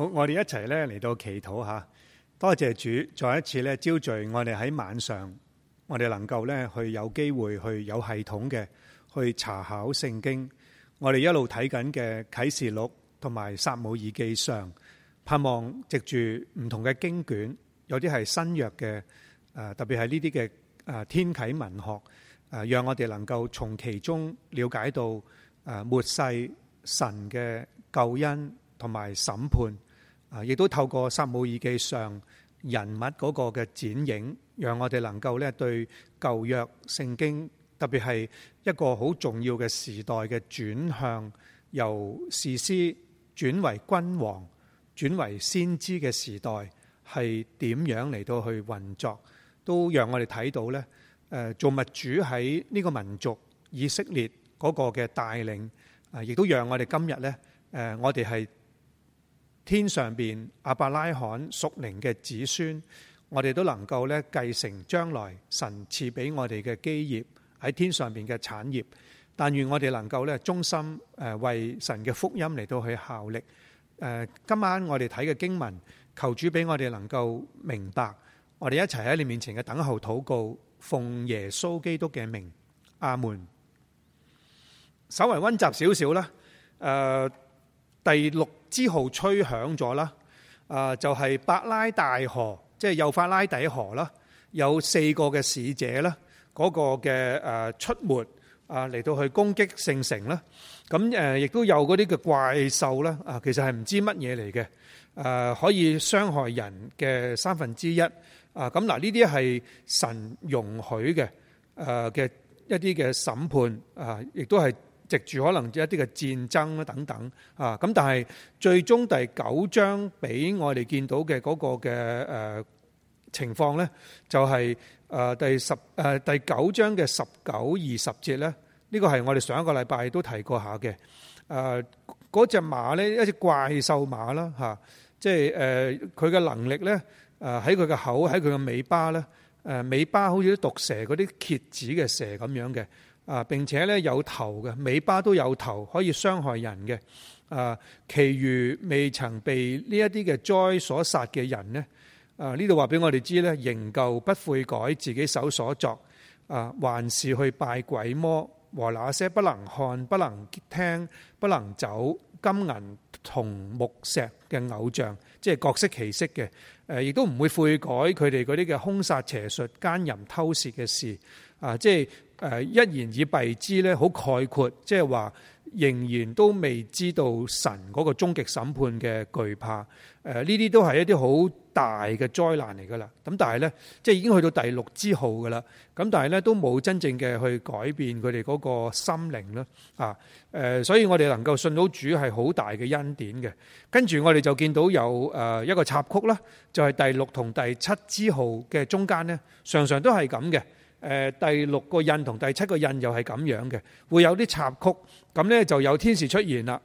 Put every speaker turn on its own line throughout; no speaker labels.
好，我哋一齊咧嚟到祈禱吓。多謝主，再一次咧招聚，我哋喺晚上，我哋能夠咧去有機會去有系統嘅去查考聖經。我哋一路睇緊嘅啟示錄同埋撒母耳記上，盼望藉住唔同嘅經卷，有啲係新約嘅，誒特別係呢啲嘅誒天啟文學，誒讓我哋能夠從其中了解到誒末世神嘅救恩同埋審判。啊！亦都透過撒母耳記上人物嗰個嘅剪影，讓我哋能夠咧對舊約聖經，特別係一個好重要嘅時代嘅轉向，由士師轉為君王，轉為先知嘅時代，係點樣嚟到去運作，都讓我哋睇到呢誒，造物主喺呢個民族以色列嗰個嘅帶領，啊，亦都讓我哋今日呢，誒，我哋係。天上邊亞伯拉罕屬靈嘅子孫，我哋都能夠咧繼承將來神賜俾我哋嘅基業喺天上邊嘅產業。但願我哋能夠咧忠心誒為神嘅福音嚟到去效力。誒、呃，今晚我哋睇嘅經文，求主俾我哋能夠明白，我哋一齊喺你面前嘅等候禱告，奉耶穌基督嘅名，阿門。稍為溫習少少啦，誒、呃，第六。之號吹響咗啦，啊，就係伯拉大河，即係幼發拉底河啦，有四個嘅使者啦，嗰個嘅誒出沒啊，嚟到去攻擊聖城啦，咁誒亦都有嗰啲嘅怪獸啦，啊，其實係唔知乜嘢嚟嘅，誒可以傷害人嘅三分之一，啊，咁嗱呢啲係神容許嘅，誒嘅一啲嘅審判啊，亦都係，藉住可能一啲嘅戰爭啦等等啊，咁但係最終第九章俾我哋見到嘅嗰個嘅誒情況咧，就係誒第十誒第九章嘅十九二十節咧，呢個係我哋上一個禮拜都提過下嘅。誒嗰隻馬咧，一隻怪獸馬啦吓，即係誒佢嘅能力咧，誒喺佢嘅口，喺佢嘅尾巴咧，誒尾巴好似啲毒蛇嗰啲蠍子嘅蛇咁樣嘅。啊！並且咧，有頭嘅尾巴都有頭，可以傷害人嘅。啊，其餘未曾被呢一啲嘅災所殺嘅人呢，啊呢度話俾我哋知呢，仍舊不悔改自己手所作啊，還是去拜鬼魔和那些不能看、不能聽、不能走金銀銅木石嘅偶像，即係各色其色嘅。誒，亦都唔會悔改佢哋嗰啲嘅兇殺邪術、奸淫偷竊嘅事啊，即係。誒一言以蔽之咧，好概括，即係話仍然都未知道神嗰個終極審判嘅懼怕。誒呢啲都係一啲好大嘅災難嚟㗎喇。咁但係呢，即係已經去到第六之號㗎喇。咁但係呢，都冇真正嘅去改變佢哋嗰個心靈啦。啊誒，所以我哋能夠信到主係好大嘅恩典嘅。跟住我哋就見到有誒一個插曲啦，就係、是、第六同第七之號嘅中間呢，常常都係咁嘅。誒第六個印同第七個印又係咁樣嘅，會有啲插曲，咁呢就有天使出現啦，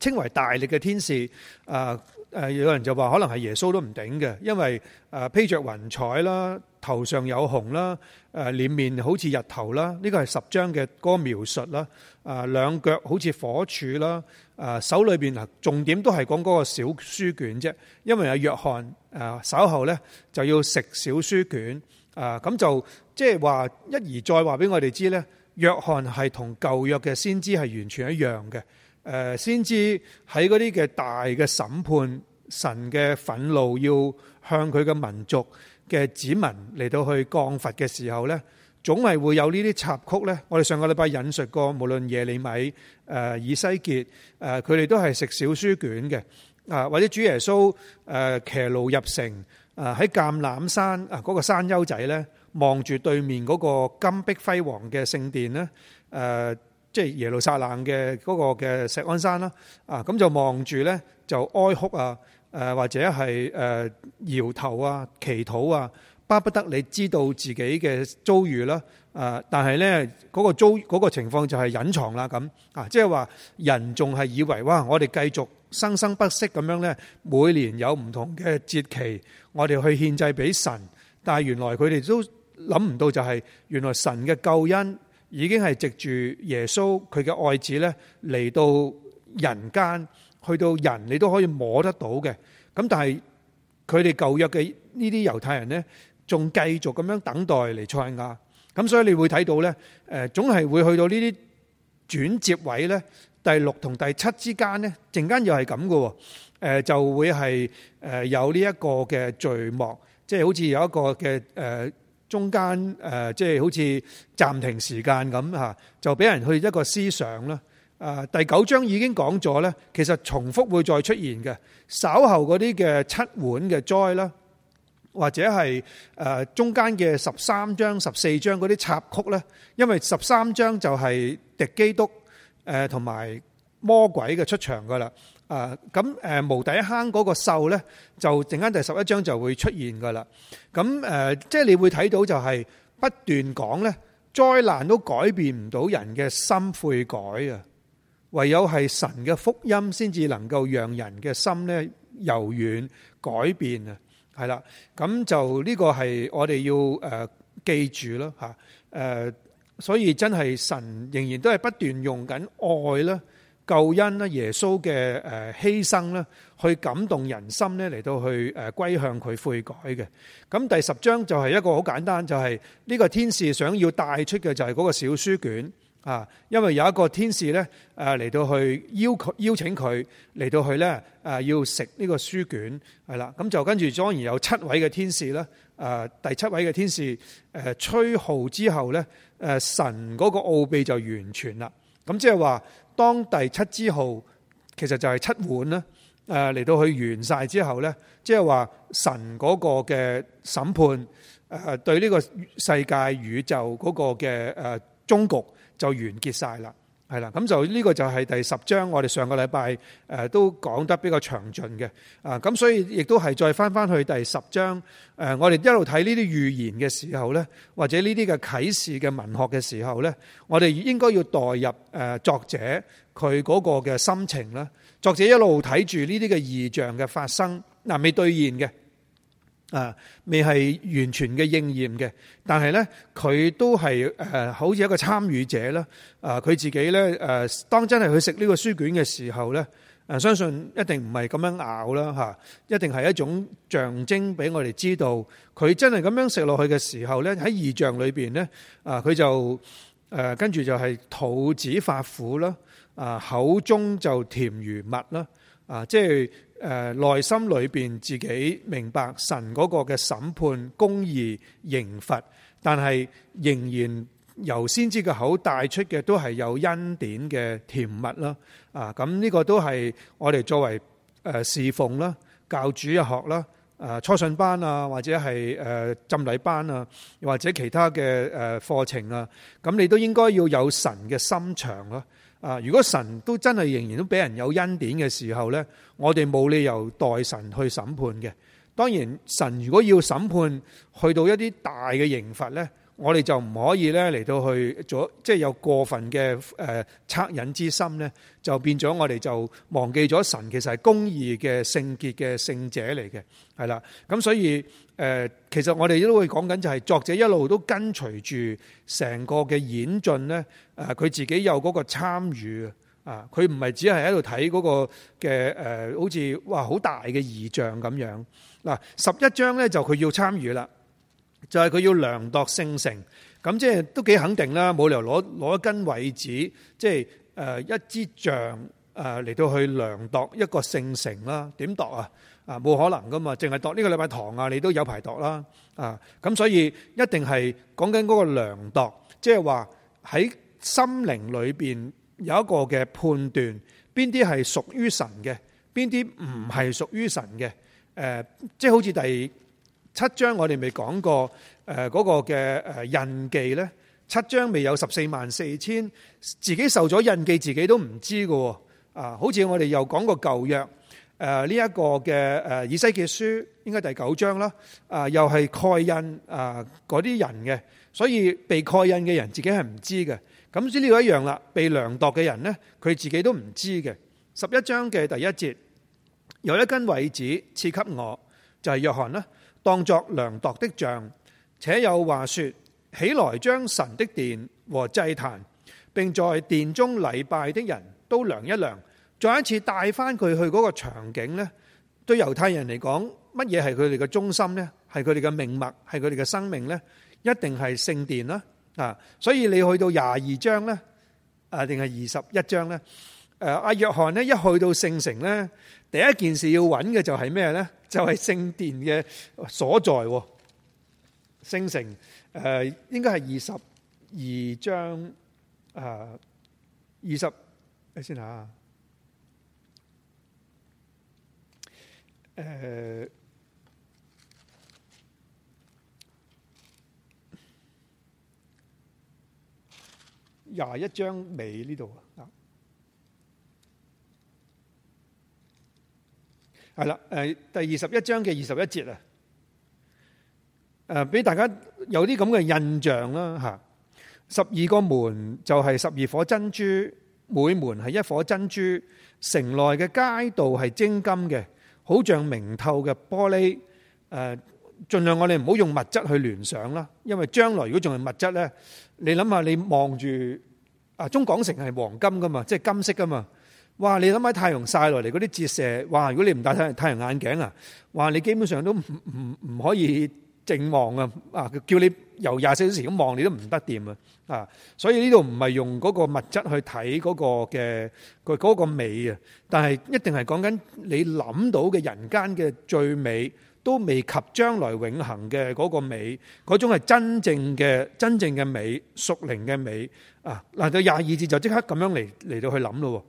稱為大力嘅天使、呃呃。有人就話可能係耶穌都唔頂嘅，因為誒、呃、披着雲彩啦，頭上有虹啦，誒、呃、臉面好似日頭啦，呢、這個係十章嘅嗰個描述啦。啊、呃，兩腳好似火柱啦、呃，手裏面啊重點都係講嗰個小書卷啫，因為阿約翰誒稍後呢就要食小書卷。啊，咁就即係話一而再話俾我哋知呢，約翰係同舊約嘅先知係完全一樣嘅。誒，先知喺嗰啲嘅大嘅審判，神嘅憤怒要向佢嘅民族嘅子民嚟到去降罰嘅時候呢，總係會有呢啲插曲呢，我哋上個禮拜引述過，無論耶利米、誒、啊、以西結，誒佢哋都係食小書卷嘅，啊或者主耶穌誒騎驢入城。啊！喺橄欖山啊，嗰個山丘仔咧，望住對面嗰個金碧輝煌嘅聖殿咧，誒、呃，即、就、係、是、耶路撒冷嘅嗰個嘅錫安山啦，啊，咁就望住咧，就哀哭啊，誒或者係誒、啊、搖頭啊、祈禱啊，巴不得你知道自己嘅遭遇啦。誒，但係呢個情況就係隱藏啦，咁啊，即係話人仲係以為哇，我哋繼續生生不息咁樣呢，每年有唔同嘅節期，我哋去獻祭俾神。但係原來佢哋都諗唔到就係，原來神嘅救恩已經係藉住耶穌佢嘅愛子呢，嚟到人間，去到人你都可以摸得到嘅。咁但係佢哋舊約嘅呢啲猶太人呢，仲繼續咁樣等待嚟賽亞。咁所以你會睇到咧，誒總係會去到呢啲轉接位咧，第六同第七之間咧，陣間又係咁嘅喎，誒就會係誒有呢一個嘅序幕，即係好似有一個嘅誒中間誒，即係好似暫停時間咁嚇，就俾人去一個思想啦。啊，第九章已經講咗咧，其實重複會再出現嘅，稍後嗰啲嘅七碗嘅災啦。或者係誒中間嘅十三章、十四章嗰啲插曲咧，因為十三章就係敵基督誒同埋魔鬼嘅出場噶啦。誒咁誒無底坑嗰個獸咧，就陣間第十一章就會出現噶啦。咁誒即係你會睇到就係不斷講咧，災難都改變唔到人嘅心悔改啊。唯有係神嘅福音先至能夠讓人嘅心咧柔軟改變啊。係啦，咁就呢個係我哋要誒記住囉。吓，誒，所以真係神仍然都係不斷用緊愛啦、救恩啦、耶穌嘅誒犧牲啦，去感動人心咧，嚟到去誒歸向佢悔改嘅。咁第十章就係一個好簡單，就係、是、呢個天使想要帶出嘅就係嗰個小書卷。啊，因為有一個天使咧，誒嚟到去邀邀請佢嚟到去咧，誒要食呢個書卷，係啦，咁就跟住當然有七位嘅天使咧，誒第七位嘅天使誒吹號之後咧，誒神嗰個奧秘就完全啦。咁即係話當第七支號其實就係七碗啦，誒嚟到去完晒之後咧，即係話神嗰個嘅審判誒對呢個世界宇宙嗰個嘅誒終局。就完結晒啦，係啦，咁就呢個就係第十章。我哋上個禮拜都講得比較詳盡嘅啊，咁所以亦都係再翻翻去第十章。我哋一路睇呢啲預言嘅時候呢，或者呢啲嘅啟示嘅文學嘅時候呢，我哋應該要代入作者佢嗰個嘅心情啦。作者一路睇住呢啲嘅異象嘅發生嗱，未兌現嘅。啊，未係完全嘅應驗嘅，但係呢，佢都係誒、呃，好似一個參與者啦。啊，佢自己呢，誒、啊，當真係去食呢個書卷嘅時候呢、啊，啊，相信一定唔係咁樣咬啦嚇、啊，一定係一種象徵俾我哋知道，佢真係咁樣食落去嘅時候呢，喺異象裏邊呢，啊，佢就誒、啊、跟住就係肚子發苦啦，啊，口中就甜如蜜啦，啊，即係。誒，內心裏邊自己明白神嗰個嘅審判、公義、刑罰，但係仍然由先知嘅口帶出嘅都係有恩典嘅甜蜜啦。啊，咁呢個都係我哋作為誒侍奉啦、教主日學啦、誒初信班啊或者係誒浸禮班啊或者其他嘅誒課程啊，咁你都應該要有神嘅心腸咯。啊！如果神都真係仍然都俾人有恩典嘅時候呢，我哋冇理由代神去審判嘅。當然，神如果要審判，去到一啲大嘅刑罰呢，我哋就唔可以呢嚟到去做，即係有過分嘅誒惻隱之心呢，就變咗我哋就忘記咗神其實係公義嘅聖潔嘅聖者嚟嘅，係啦。咁所以。誒，其實我哋都會講緊，就係作者一路都跟隨住成個嘅演進呢。誒，佢自己有嗰個參與啊，佢唔係只係喺度睇嗰個嘅誒，好似哇好大嘅異象咁樣。嗱，十一章呢，就佢要參與啦，就係佢要量度聖城。咁即係都幾肯定啦，冇理由攞攞一根位置，即係誒一支杖誒嚟到去量度一個聖城啦。點度啊？啊，冇可能噶嘛。淨係度呢個禮拜堂啊，你都有排度啦，啊，咁所以一定係講緊嗰個良度，即係話喺心靈裏面有一個嘅判斷，邊啲係屬於神嘅，邊啲唔係屬於神嘅，即、啊、係、就是、好似第七章我哋未講過，嗰、啊嗰個嘅誒印記呢，七章未有十四萬四千，自己受咗印記，自己都唔知噶喎，啊，好似我哋又講過舊約。誒，呢一個嘅誒，以西結書應該第九章啦。啊，又係蓋印啊，嗰啲人嘅，所以被蓋印嘅人自己係唔知嘅。咁先呢一樣啦，被量度嘅人呢，佢自己都唔知嘅。十一章嘅第一節，有一根葦子賜給我，就係約翰啦，當作量度的像。且有話說：起來，將神的殿和祭壇，並在殿中禮拜的人都量一量。再一次帶翻佢去嗰個場景呢。對猶太人嚟講，乜嘢係佢哋嘅中心呢？係佢哋嘅命脈，係佢哋嘅生命呢？一定係聖殿啦，啊！所以你去到廿二章呢，啊，定係二十一章呢？阿約翰呢，一去到聖城呢，第一件事要揾嘅就係咩呢？就係聖殿嘅所在，聖城誒，應該係二十二章啊，二十，睇先吓。誒，廿一章尾呢度啊，係啦，誒，第二十一章嘅二十一節啊，誒，俾大家有啲咁嘅印象啦吓，十二個門就係十二顆珍珠，每門係一顆珍珠，城內嘅街道係精金嘅。好像明透嘅玻璃，誒，盡量我哋唔好用物質去聯想啦，因為將來如果仲係物質咧，你諗下你望住啊中港城係黃金㗎嘛，即係金色㗎嘛，哇！你諗喺太陽曬落嚟嗰啲折射，哇！如果你唔戴太太陽眼鏡啊，哇！你基本上都唔唔唔可以。靜望啊！啊，叫你由廿四小時咁望，你都唔得掂啊！啊，所以呢度唔係用嗰個物質去睇嗰個嘅佢嗰個美啊，但係一定係講緊你諗到嘅人間嘅最美，都未及將來永恆嘅嗰個美，嗰種係真正嘅真正嘅美，屬靈嘅美啊！嗱，到廿二節就即刻咁樣嚟、嚟到去諗咯。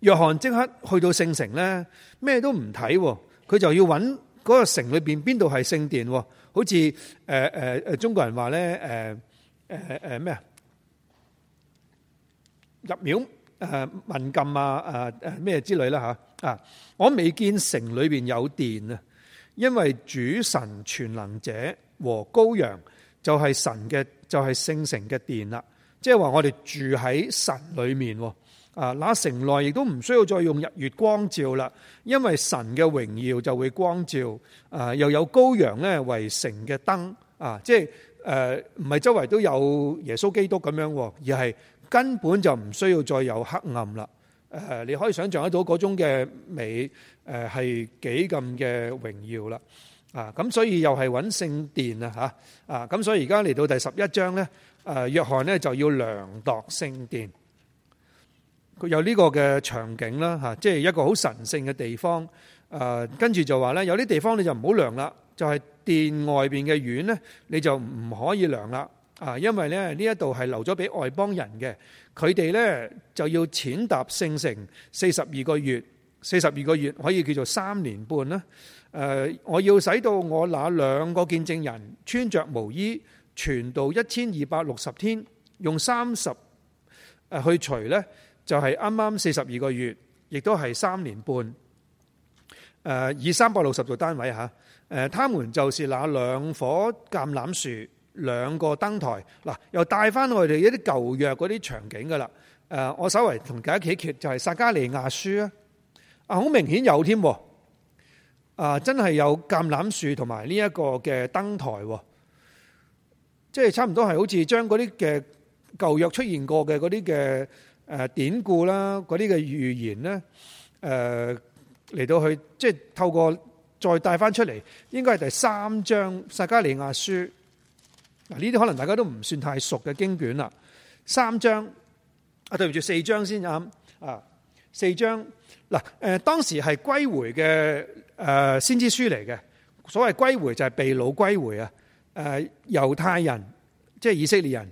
約翰即刻去到聖城咧，咩都唔睇，佢就要揾。嗰、那個城裏邊邊度係聖殿？好似，呃呃、中國人話咧誒，咩啊？入廟誒問，呃、禁啊咩，呃、之類啦啊！我未見城裏邊有殿，啊，因為主神全能者和羔羊就係神嘅，就係、是，聖城嘅殿啦。即係話我哋住喺神裏面。啊！那城內亦都唔需要再用日月光照啦，因為神嘅榮耀就會光照。啊，又有羔羊咧為城嘅燈。啊，即係誒唔係周圍都有耶穌基督咁樣，而係根本就唔需要再有黑暗啦。誒，你可以想象得到嗰種嘅美誒，係幾咁嘅榮耀啦。啊，咁所以又係搵聖殿啊，吓啊，咁所以而家嚟到第十一章咧，誒，約翰咧就要量度聖殿。有呢個嘅場景啦，嚇，即係一個好神聖嘅地方。誒、呃，跟住就話呢，有啲地方你就唔好量啦，就係、是、殿外邊嘅院呢，你就唔可以量啦。啊，因為呢，呢一度係留咗俾外邦人嘅，佢哋呢，就要踐踏聖城四十二個月，四十二個月可以叫做三年半啦。誒、呃，我要使到我那兩個見證人穿着毛衣，傳道一千二百六十天，用三十誒去除呢。就係啱啱四十二個月，亦都係三年半。誒，以三百六十做單位嚇。誒，他們就是那兩棵橄欖樹，兩個燈台。嗱，又帶翻我哋一啲舊約嗰啲場景㗎喇。誒，我稍為同大家企揭，就係、是、撒迦利亞書啊。啊，好明顯有添。啊，真係有橄欖樹同埋呢一個嘅燈台。即係差唔多係好似將嗰啲嘅舊約出現過嘅嗰啲嘅。誒典故啦，嗰啲嘅預言咧，誒嚟到去即係透過再帶翻出嚟，應該係第三章撒迦利亞書嗱。呢啲可能大家都唔算太熟嘅經卷啦。三章啊，對唔住，四章先啱啊，四章嗱誒、啊呃，當時係歸回嘅誒、呃、先知書嚟嘅，所謂歸回就係被擄歸回啊。誒、呃，猶太人即係以色列人誒、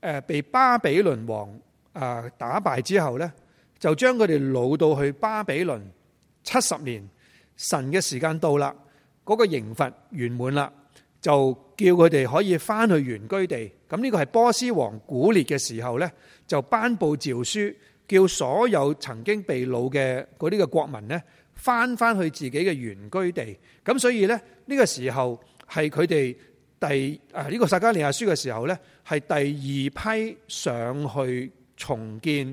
呃，被巴比倫王。啊！打敗之後呢，就將佢哋擄到去巴比倫七十年，神嘅時間到啦，嗰、嗰個刑罰圓滿啦，就叫佢哋可以翻去原居地。咁呢個係波斯王古列嘅時候呢，就頒布詔書，叫所有曾經被擄嘅嗰啲嘅國民呢，翻翻去自己嘅原居地。咁所以呢，呢個時候係佢哋第啊呢、呢個撒迦利亞書嘅時候呢，係第二批上去。重建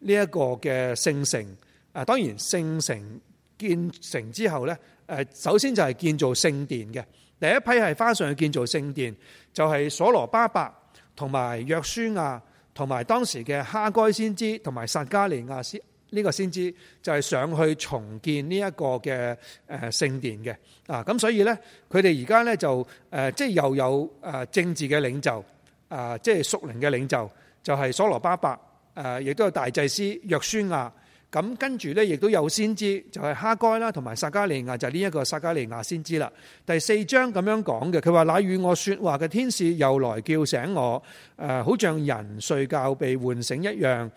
呢一個嘅聖城啊！當然聖城建成之後呢，誒首先就係建造聖殿，嘅第一批係返上去建造聖殿，就係、是、所羅巴伯同埋約書亞同埋當時嘅哈該先知同埋撒迦利亞先呢個先知就係、是、上去重建呢一個嘅誒聖殿嘅啊！咁所以呢，佢哋而家呢，就誒即係又有誒政治嘅領袖啊，即係屬靈嘅領袖，就係、是、所羅巴伯。誒，亦都有大祭司約書亞咁，跟住呢，亦都有先知，就係、是、哈該啦，同埋撒加利亞，就係呢一個撒加利亞先知啦。第四章咁樣講嘅，佢話：乃與我說話嘅天使又來叫醒我，好像人睡覺被喚醒一樣。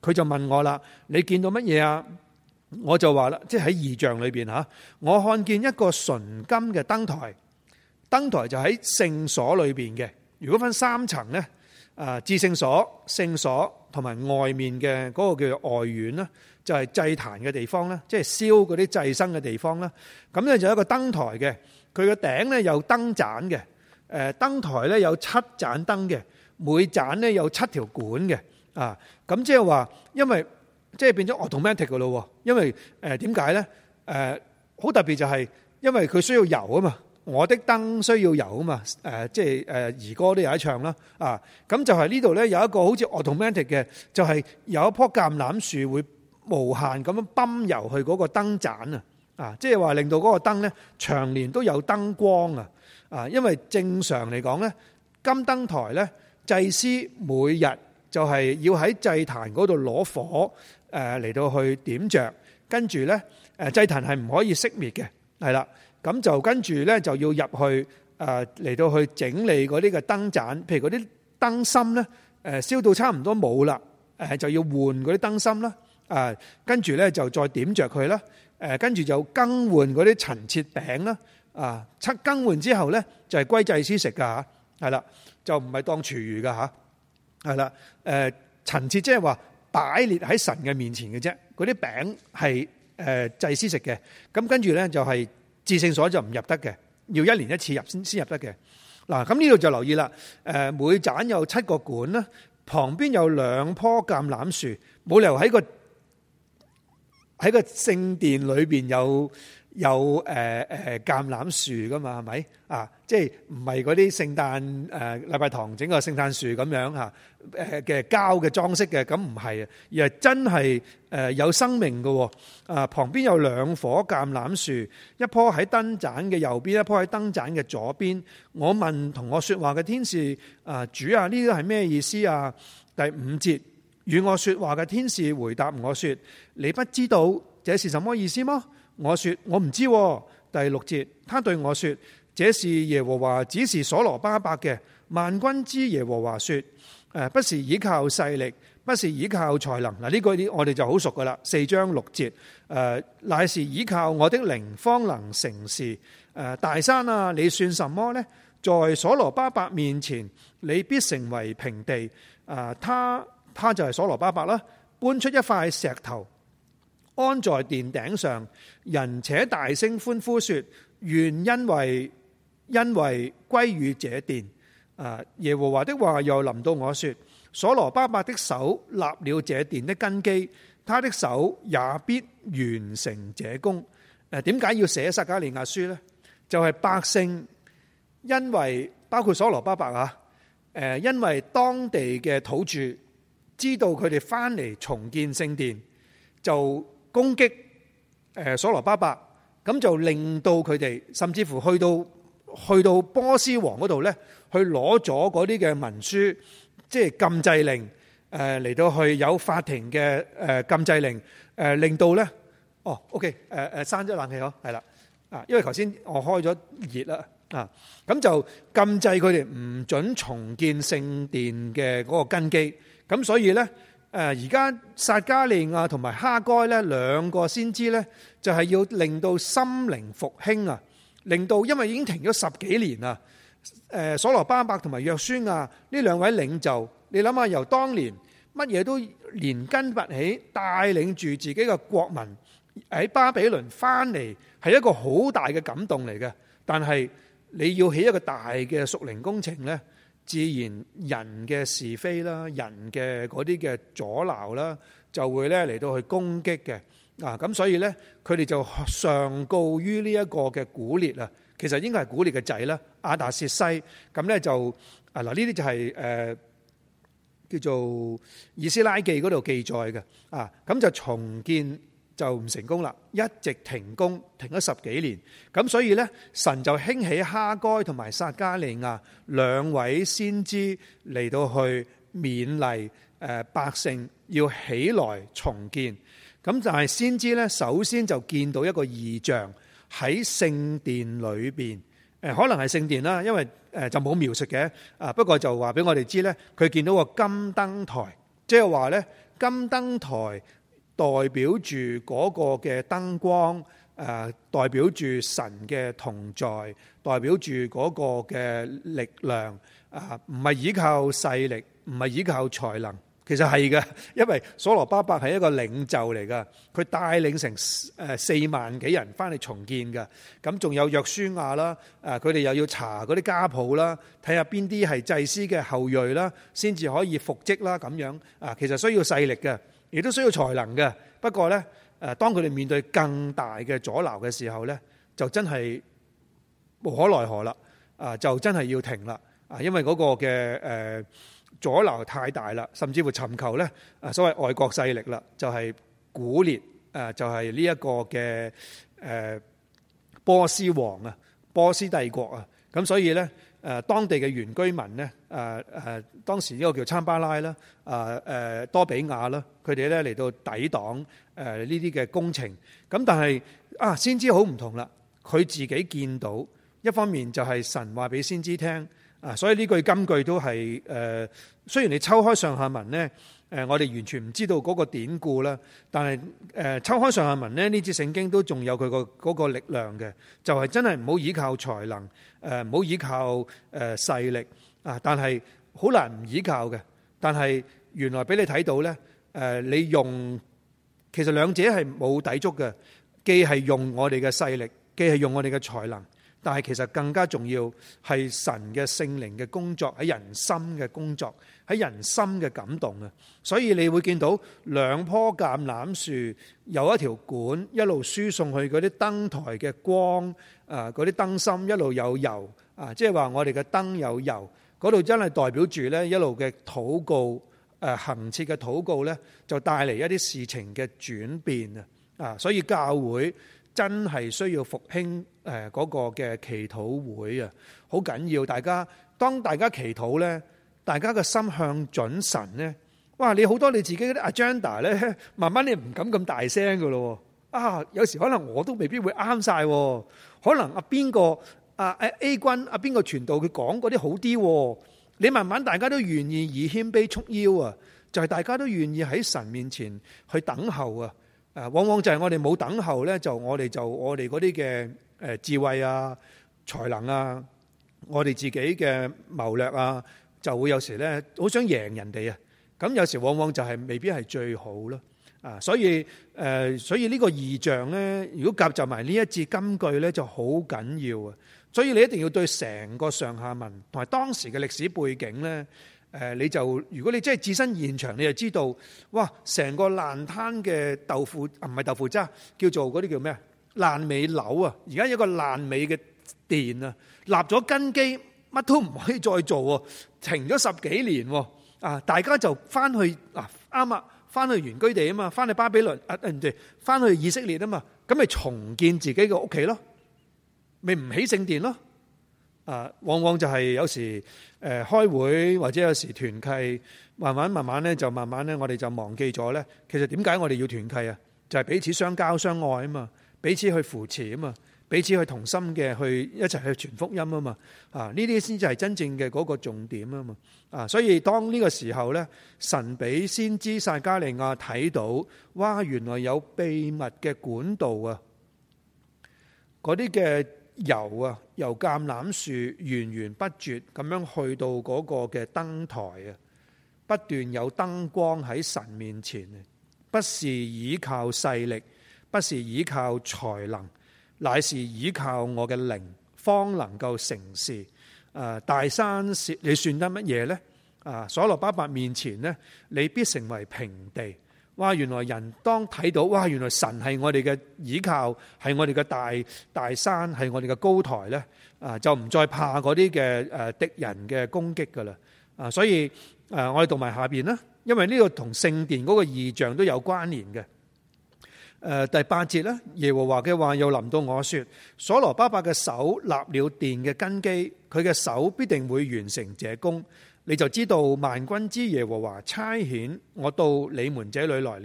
佢就問我啦：你見到乜嘢啊？我就話啦，即喺異象裏面。」我看見一個純金嘅燈台，燈台就喺聖所裏面嘅。如果分三層呢，誒，至聖所、聖所。同埋外面嘅嗰個叫做外院啦，就係祭壇嘅地方咧，即係燒嗰啲祭牲嘅地方啦。咁咧就有一個燈台嘅，佢個頂咧有燈盞嘅。誒，燈台咧有七盞燈嘅，每盞咧有七條管嘅。啊，咁即係話，因為即係變咗 automatic 嘅咯。因為誒點解咧？誒好特別就係因為佢需要油啊嘛。我的燈需要油啊嘛，誒即係誒兒歌都有得唱啦，啊咁就係呢度呢有一個好似 automatic 嘅，就係有一棵橄欖樹會無限咁樣泵油去嗰個燈盞啊，啊即係話令到嗰個燈呢長年都有燈光啊，啊因為正常嚟講呢金燈台呢祭司每日就係要喺祭壇嗰度攞火誒嚟到去點著，跟住呢誒祭壇係唔可以熄滅嘅，係啦。咁就跟住咧就要入去，誒嚟到去整理嗰啲嘅燈盞，譬如嗰啲燈芯咧，誒燒到差唔多冇啦，誒就要換嗰啲燈芯啦，誒跟住咧就再點着佢啦，誒跟住就更換嗰啲陳設餅啦，啊，更換之後咧就係歸祭司食㗎吓，係啦，就唔係當廚餘㗎吓，係啦，誒陳設即係話擺列喺神嘅面前嘅啫，嗰啲餅係誒祭司食嘅，咁跟住咧就係、是。至聖所就唔入得嘅，要一年一次入先先入得嘅。嗱，咁呢度就留意啦。誒，每盞有七個管啦，旁邊有兩棵橄欖樹，冇理由喺個喺個聖殿裏面有。有誒、誒、呃呃、橄欖樹㗎嘛，係咪啊？即係唔係嗰啲聖誕誒禮拜堂整個聖誕樹咁樣嚇誒嘅膠嘅裝飾嘅，咁唔係，而係真係誒有生命嘅喎啊！旁邊有兩棵橄欖樹，一棵喺燈盞嘅右邊，一棵喺燈盞嘅左邊。我問同我説話嘅天使啊，主啊，呢啲係咩意思啊？第五節與我説話嘅天使回答我說：你不知道這是什麼意思嗎？我說我唔知道、啊，第六節，他對我說：這是耶和華指示所羅巴伯嘅萬軍之耶和華說，誒、呃，不是倚靠勢力，不是倚靠才能，嗱、這、呢個我哋就好熟噶啦，四章六節，誒、呃，乃是倚靠我的靈方能成事，誒、呃，大山啊，你算什麼呢？在所羅巴伯面前，你必成為平地，呃、他他就係所羅巴伯啦，搬出一塊石頭。安在殿頂上，人且大聲歡呼說：願因為因為歸於這殿。耶和華的話又臨到我說：所羅巴伯的手立了這殿的根基，他的手也必完成這工。」誒，點解要寫撒迦利亞書呢？就係百姓因為包括所羅巴伯啊，因為當地嘅土著知道佢哋返嚟重建聖殿，就。攻擊誒所羅巴伯，咁就令到佢哋，甚至乎去到去到波斯王嗰度咧，去攞咗嗰啲嘅文書，即係禁制令，誒嚟到去有法庭嘅誒禁制令，誒令到咧，哦，OK，誒誒，閂咗冷氣咯，係啦，啊，因為頭先我開咗熱啦，啊，咁就禁制佢哋唔准重建聖殿嘅嗰個根基，咁所以咧。誒而家撒加利亞同埋哈該咧兩個先知呢，就係要令到心靈復興啊！令到因為已經停咗十幾年啦。誒所羅巴伯同埋約書亞啊。呢兩位領袖，你諗下由當年乜嘢都連根拔起，帶領住自己嘅國民喺巴比倫翻嚟，係一個好大嘅感動嚟嘅。但係你要起一個大嘅屬靈工程呢。自然人嘅是非啦，人嘅嗰啲嘅阻撓啦，就會咧嚟到去攻擊嘅啊！咁所以咧，佢哋就上告於呢一個嘅古列啊，其實應該係古列嘅仔啦，亞達薛西。咁咧就啊嗱，呢啲就係誒叫做《以斯拉記》嗰度記載嘅啊。咁就重建。就唔成功啦，一直停工，停咗十幾年。咁所以呢，神就興起哈該同埋撒迦利亞兩位先知嚟到去勉勵百姓要起來重建。咁就係先知呢，首先就見到一個異象喺聖殿裏面，可能係聖殿啦，因為誒就冇描述嘅啊。不過就話俾我哋知呢，佢見到個金燈台，即係話呢，金燈台。代表住嗰個嘅燈光，誒、呃、代表住神嘅同在，代表住嗰個嘅力量，啊唔係依靠勢力，唔係依靠才能，其實，係嘅，因為所羅巴伯係一個領袖嚟噶，佢帶領成誒四萬幾人翻嚟重建嘅，咁仲有約書亞啦，誒佢哋又要查嗰啲家譜啦，睇下邊啲係祭司嘅後裔啦，先至可以復職啦咁樣啊、呃、其實需要勢力嘅。亦都需要才能嘅，不過咧，誒當佢哋面對更大嘅阻撓嘅時候咧，就真係無可奈何啦，啊，就真係要停啦，啊，因為嗰個嘅誒阻撓太大啦，甚至乎尋求咧，啊所謂外國勢力啦，就係古列，誒就係呢一個嘅誒波斯王啊，波斯帝國啊，咁所以咧。誒當地嘅原居民呢，誒誒當時呢個叫參巴拉啦，啊誒多比亞啦，佢哋咧嚟到抵擋誒呢啲嘅工程，咁但係啊先知好唔同啦，佢自己見到一方面就係神話俾先知聽，啊所以呢句金句都係誒，雖然你抽開上下文呢。誒，我哋完全唔知道嗰個典故啦。但係誒，抽開上下文呢，呢支聖經都仲有佢個個力量嘅。就係、是、真係唔好依靠才能，誒唔好依靠誒勢力啊。但係好難唔依靠嘅。但係原來俾你睇到呢，誒你用，其實兩者係冇抵觸嘅。既係用我哋嘅勢力，既係用我哋嘅才能。但係其實更加重要係神嘅聖靈嘅工作喺人心嘅工作。喺人心嘅感動啊，所以你會見到兩棵橄欖樹有一條管一路輸送去嗰啲燈台嘅光啊，嗰啲燈芯一路有油啊，即係話我哋嘅燈有油嗰度，真係代表住呢一路嘅禱告誒，恆切嘅禱告呢，就帶嚟一啲事情嘅轉變啊啊，所以教會真係需要復興誒嗰個嘅祈禱會啊，好緊要！大家當大家祈禱呢。大家嘅心向準神咧，哇！你好多你自己嗰啲 agenda 咧，慢慢你唔敢咁大聲噶咯。啊，有時可能我都未必會啱曬、啊，可能啊邊個啊誒 A 君啊邊、啊、個傳道佢講嗰啲好啲、啊。你慢慢大家都願意以謙卑束腰啊，就係、是、大家都願意喺神面前去等候啊。誒、啊，往往就係我哋冇等候咧，就我哋就我哋嗰啲嘅誒智慧啊、才能啊、我哋自己嘅謀略啊。就會有時咧，好想贏人哋啊！咁有時往往就係未必係最好咯。啊，所以誒，所以呢個異象咧，如果夾雜埋呢一節金句咧，就好緊要啊！所以你一定要對成個上下文同埋當時嘅歷史背景咧，誒，你就如果你真係置身現場，你就知道，哇！成個爛攤嘅豆腐唔係豆腐渣，叫做嗰啲叫咩啊？爛尾樓啊！而家有個爛尾嘅殿啊，立咗根基。乜都唔可以再做喎，停咗十幾年喎，啊大家就翻去啊，啱啊，翻去原居地啊嘛，翻去巴比倫啊，唔對，翻去以色列啊嘛，咁咪重建自己嘅屋企咯，咪唔起聖殿咯，啊往往就係有時誒開會或者有時團契，慢慢慢慢咧就慢慢咧我哋就忘記咗咧，其實點解我哋要團契啊？就係彼此相交相愛啊嘛，彼此去扶持啊嘛。彼此去同心嘅去一齊去傳福音啊嘛，啊，呢啲先至係真正嘅嗰個重點啊嘛。啊，所以當呢個時候呢，神俾先知撒迦利亞睇到，哇，原來有秘密嘅管道啊，嗰啲嘅油啊由橄欖樹源源不絕咁樣去到嗰個嘅燈台啊，不斷有燈光喺神面前啊。不是依靠勢力，不是依靠才能。乃是依靠我嘅靈，方能夠成事。啊，大山是你算得乜嘢呢？啊，所羅巴伯面前呢，你必成為平地。哇！原來人當睇到，哇！原來神係我哋嘅依靠，係我哋嘅大大山，係我哋嘅高台呢，啊，就唔再怕嗰啲嘅誒敵人嘅攻擊噶啦。啊，所以誒，我哋讀埋下邊啦，因為呢個同聖殿嗰個異象都有關聯嘅。誒、呃，第八節咧，耶和華嘅話又臨到我說：所羅巴伯嘅手立了殿嘅根基，佢嘅手必定會完成這工。你就知道萬軍之耶和華差遣我到你們這裏來了。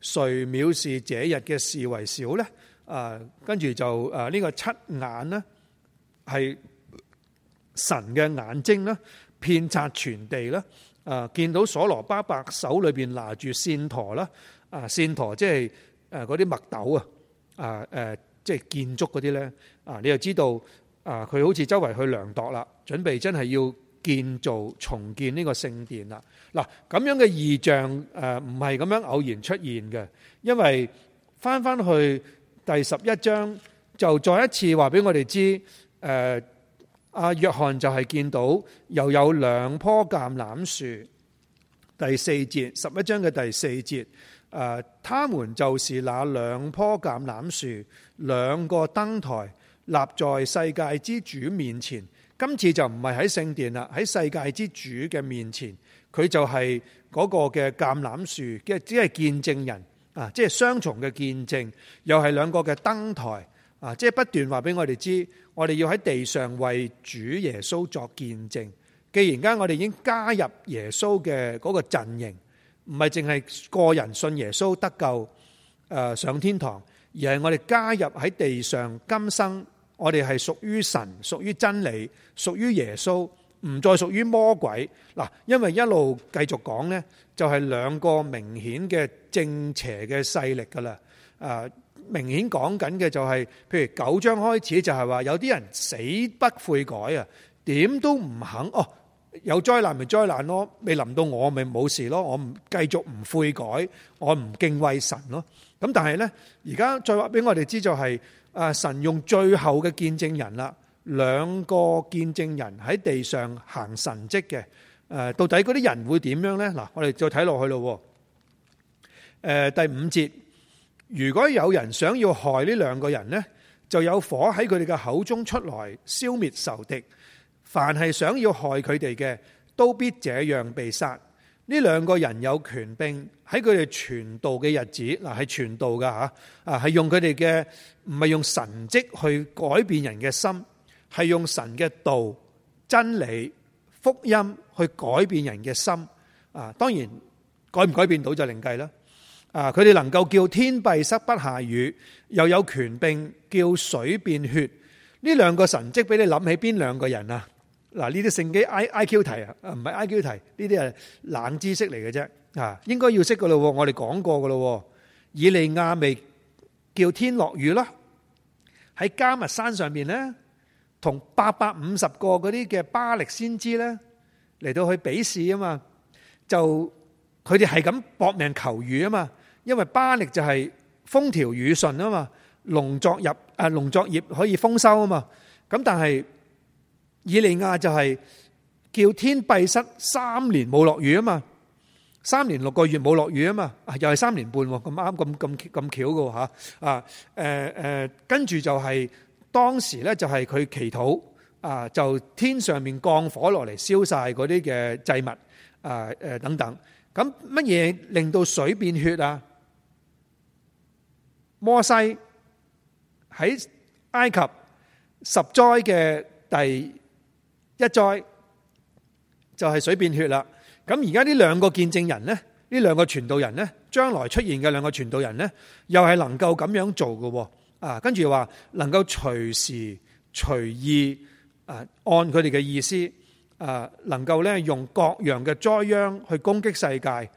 誰藐視這日嘅事為少呢？啊、呃，跟住就誒呢、呃這個七眼呢，係神嘅眼睛啦，遍察全地啦。啊、呃，見到所羅巴伯,伯手裏邊拿住線陀啦，啊、呃、線陀即係。誒嗰啲麥豆啊！啊誒，即係建築嗰啲呢，啊，你又知道啊，佢好似周圍去量度啦，準備真係要建造重建呢個聖殿啦。嗱、啊，咁樣嘅異象誒唔係咁樣偶然出現嘅，因為翻翻去第十一章就再一次話俾我哋知誒，阿、啊、約翰就係見到又有兩棵橄欖樹，第四節十一章嘅第四節。誒，他們就是那兩棵橄欖樹，兩個燈台，立在世界之主面前。今次就唔係喺聖殿啦，喺世界之主嘅面前，佢就係嗰個嘅橄欖樹，嘅只係見證人啊，即係雙重嘅見證，又係兩個嘅燈台啊，即係不斷話俾我哋知，我哋要喺地上為主耶穌作見證。既然間我哋已經加入耶穌嘅嗰個陣營。唔係淨係個人信耶穌得救，上天堂，而係我哋加入喺地上今生，我哋係屬於神，屬於真理，屬於耶穌，唔再屬於魔鬼。嗱，因為一路繼續講呢，就係兩個明顯嘅正邪嘅勢力噶啦。誒，明顯講緊嘅就係，譬如九章開始就係話，有啲人死不悔改啊，點都唔肯哦。有災難咪災難咯，未臨到我咪冇事咯。我唔繼續唔悔改，我唔敬畏神咯。咁但係呢，而家再話俾我哋知就係、是，啊神用最後嘅見證人啦，兩個見證人喺地上行神蹟嘅，誒到底嗰啲人會點樣呢？嗱，我哋再睇落去咯。誒第五節，如果有人想要害呢兩個人呢，就有火喺佢哋嘅口中出來，消滅仇敵。凡係想要害佢哋嘅，都必這樣被殺。呢兩個人有權柄喺佢哋傳道嘅日子，嗱係傳道嘅吓，啊係用佢哋嘅，唔係用神跡去改變人嘅心，係用神嘅道、真理、福音去改變人嘅心改改。啊，當然改唔改變到就另計啦。啊，佢哋能夠叫天閉塞不下雨，又有權柄叫水變血，呢兩個神跡俾你諗起邊兩個人啊？嗱，呢啲聖經 I I Q 題啊，唔係 I Q 題，呢啲係冷知識嚟嘅啫。啊，應該要識嘅咯，我哋講過嘅咯。以利亞咪叫天落雨咯，喺迦密山上邊咧，同八百五十個嗰啲嘅巴力先知咧嚟到去比試啊嘛，就佢哋係咁搏命求雨啊嘛，因為巴力就係風調雨順啊嘛，農作入啊農作業可以豐收啊嘛，咁但係。以利亞就係叫天閉塞三年冇落雨啊嘛，三年六個月冇落雨啊嘛，又係三年半咁啱咁咁咁巧嘅吓啊誒誒，跟住就係當時咧就係佢祈禱啊，就天上面降火落嚟燒晒嗰啲嘅祭物啊誒等等，咁乜嘢令到水變血啊？摩西喺埃及十災嘅第。一再就係、是、水變血啦，咁而家呢兩個見證人呢，呢兩個傳道人呢，將來出現嘅兩個傳道人呢，又係能夠咁樣做嘅，啊，跟住話能夠隨時隨意啊，按佢哋嘅意思啊，能夠呢用各樣嘅災殃去攻擊世界，誒、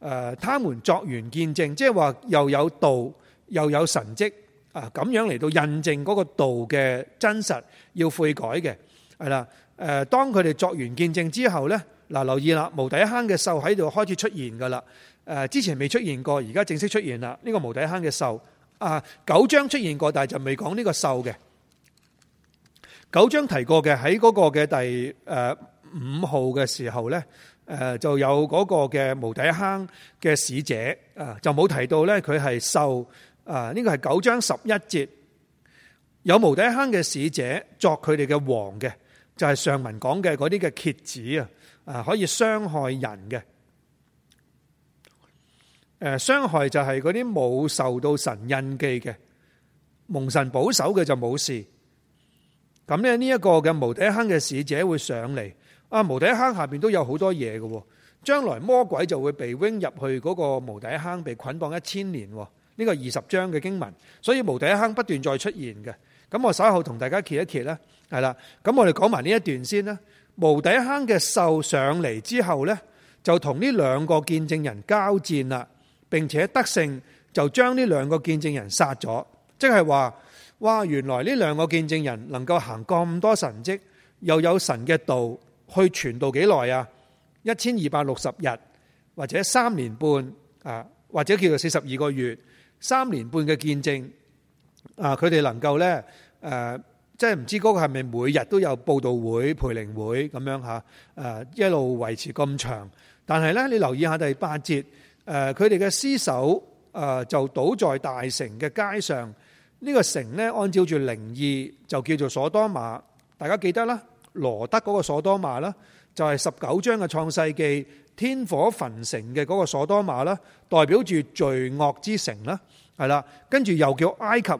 啊，他們作完見證，即係話又有道又有神蹟啊，咁樣嚟到印證嗰個道嘅真實，要悔改嘅，係啦。誒，當佢哋作完見證之後呢嗱，留意啦，無底坑嘅獸喺度開始出現噶啦。誒，之前未出現過，而家正式出現啦。呢個無底坑嘅獸啊，九章出現過，但係就未講呢個獸嘅。九章提過嘅喺嗰個嘅第誒五號嘅時候呢，誒就有嗰個嘅無底坑嘅使者沒啊，就冇提到呢，佢係獸啊，呢個係九章十一節有無底坑嘅使者作佢哋嘅王嘅。就係、是，上文講嘅嗰啲嘅蠍子啊，啊可以傷害人嘅，誒，傷害就係嗰啲冇受到神印記嘅，蒙神保守嘅就冇事。咁咧呢一個嘅無底坑嘅使者會上嚟啊，無底坑下邊都有好多嘢嘅，將來魔鬼就會被扔入去嗰個無底坑，被捆綁一千年。呢、這個二十章嘅經文，所以無底坑不斷再出現嘅。咁我稍後同大家揭一揭咧。係啦，咁我哋講埋呢一段先啦。無底坑嘅獸上嚟之後呢，就同呢兩個見證人交戰啦，並且得勝，就將呢兩個見證人殺咗。即係話，哇！原來呢兩個見證人能夠行咁多神跡，又有神嘅道去傳道幾耐啊？一千二百六十日，或者三年半啊，或者叫做四十二個月，三年半嘅見證啊，佢哋能夠呢。誒、呃。即係唔知嗰個係咪每日都有佈道會、培靈會咁樣嚇？一路維持咁長，但係呢，你留意下第八節佢哋嘅屍首、呃、就倒在大城嘅街上。呢、呢個城呢，按照住靈意就叫做所多瑪。大家記得啦，羅德嗰個所多瑪啦，就係十九章嘅創世記天火焚城嘅嗰個所多瑪啦，代表住罪惡之城啦，係啦。跟住又叫埃及，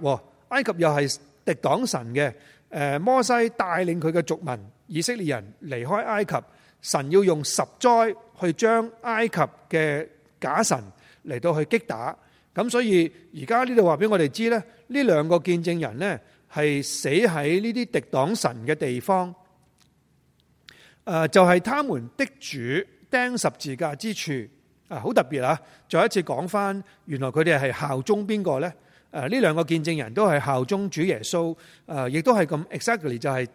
埃及又係。敵擋神嘅，誒，摩西帶領佢嘅族民以色列人離開埃及，神要用十災去將埃及嘅假神嚟到去擊打，咁所以而家呢度話俾我哋知咧，呢兩個見證人呢係死喺呢啲敵擋神嘅地方，誒，就係、是、他們的主釘十字架之處，啊，好特別啊！再一次講翻，原來佢哋係效忠邊個呢？誒，呢兩個見證人都係效忠主耶穌，誒，亦都係咁 exactly 就係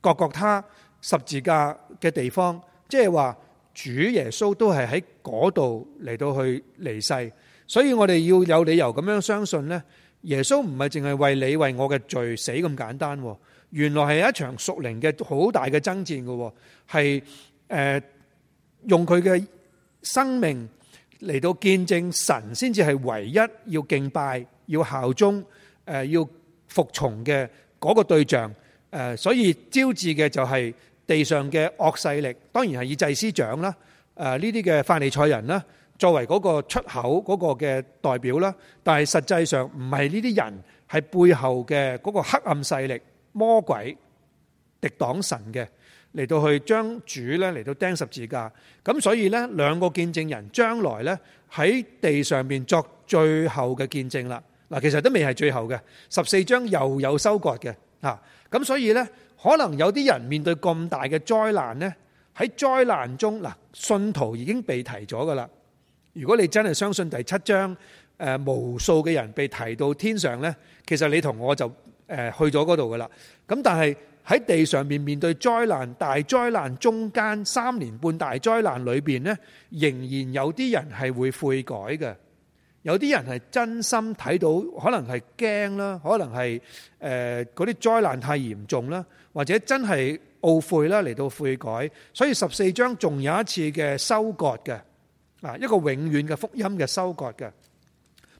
各各他十字架嘅地方，即係話主耶穌都係喺嗰度嚟到去離世，所以我哋要有理由咁樣相信呢，耶穌唔係淨係為你為我嘅罪死咁簡單，原來係一場屬靈嘅好大嘅爭戰嘅，係誒用佢嘅生命。嚟到見證神先至係唯一要敬拜、要效忠、誒、呃、要服從嘅嗰個對象。誒、呃，所以招致嘅就係地上嘅惡勢力，當然係以祭司長啦、誒呢啲嘅法利賽人啦，作為嗰個出口嗰個嘅代表啦。但係實際上唔係呢啲人係背後嘅嗰個黑暗勢力、魔鬼、敵擋神嘅。嚟到去將主咧嚟到釘十字架，咁所以呢，兩個見證人將來呢喺地上面作最後嘅見證啦。嗱，其實都未係最後嘅十四章又有收割嘅嚇。咁所以呢，可能有啲人面對咁大嘅災難呢，喺災難中嗱，信徒已經被提咗噶啦。如果你真係相信第七章，誒無數嘅人被提到天上呢，其實你同我就去咗嗰度噶啦。咁但係。喺地上面面對災難大災難中間三年半大災難裏邊呢，仍然有啲人係會悔改嘅，有啲人係真心睇到，可能係驚啦，可能係誒嗰啲災難太嚴重啦，或者真係懊悔啦嚟到悔改。所以十四章仲有一次嘅收割嘅啊，一個永遠嘅福音嘅收割嘅。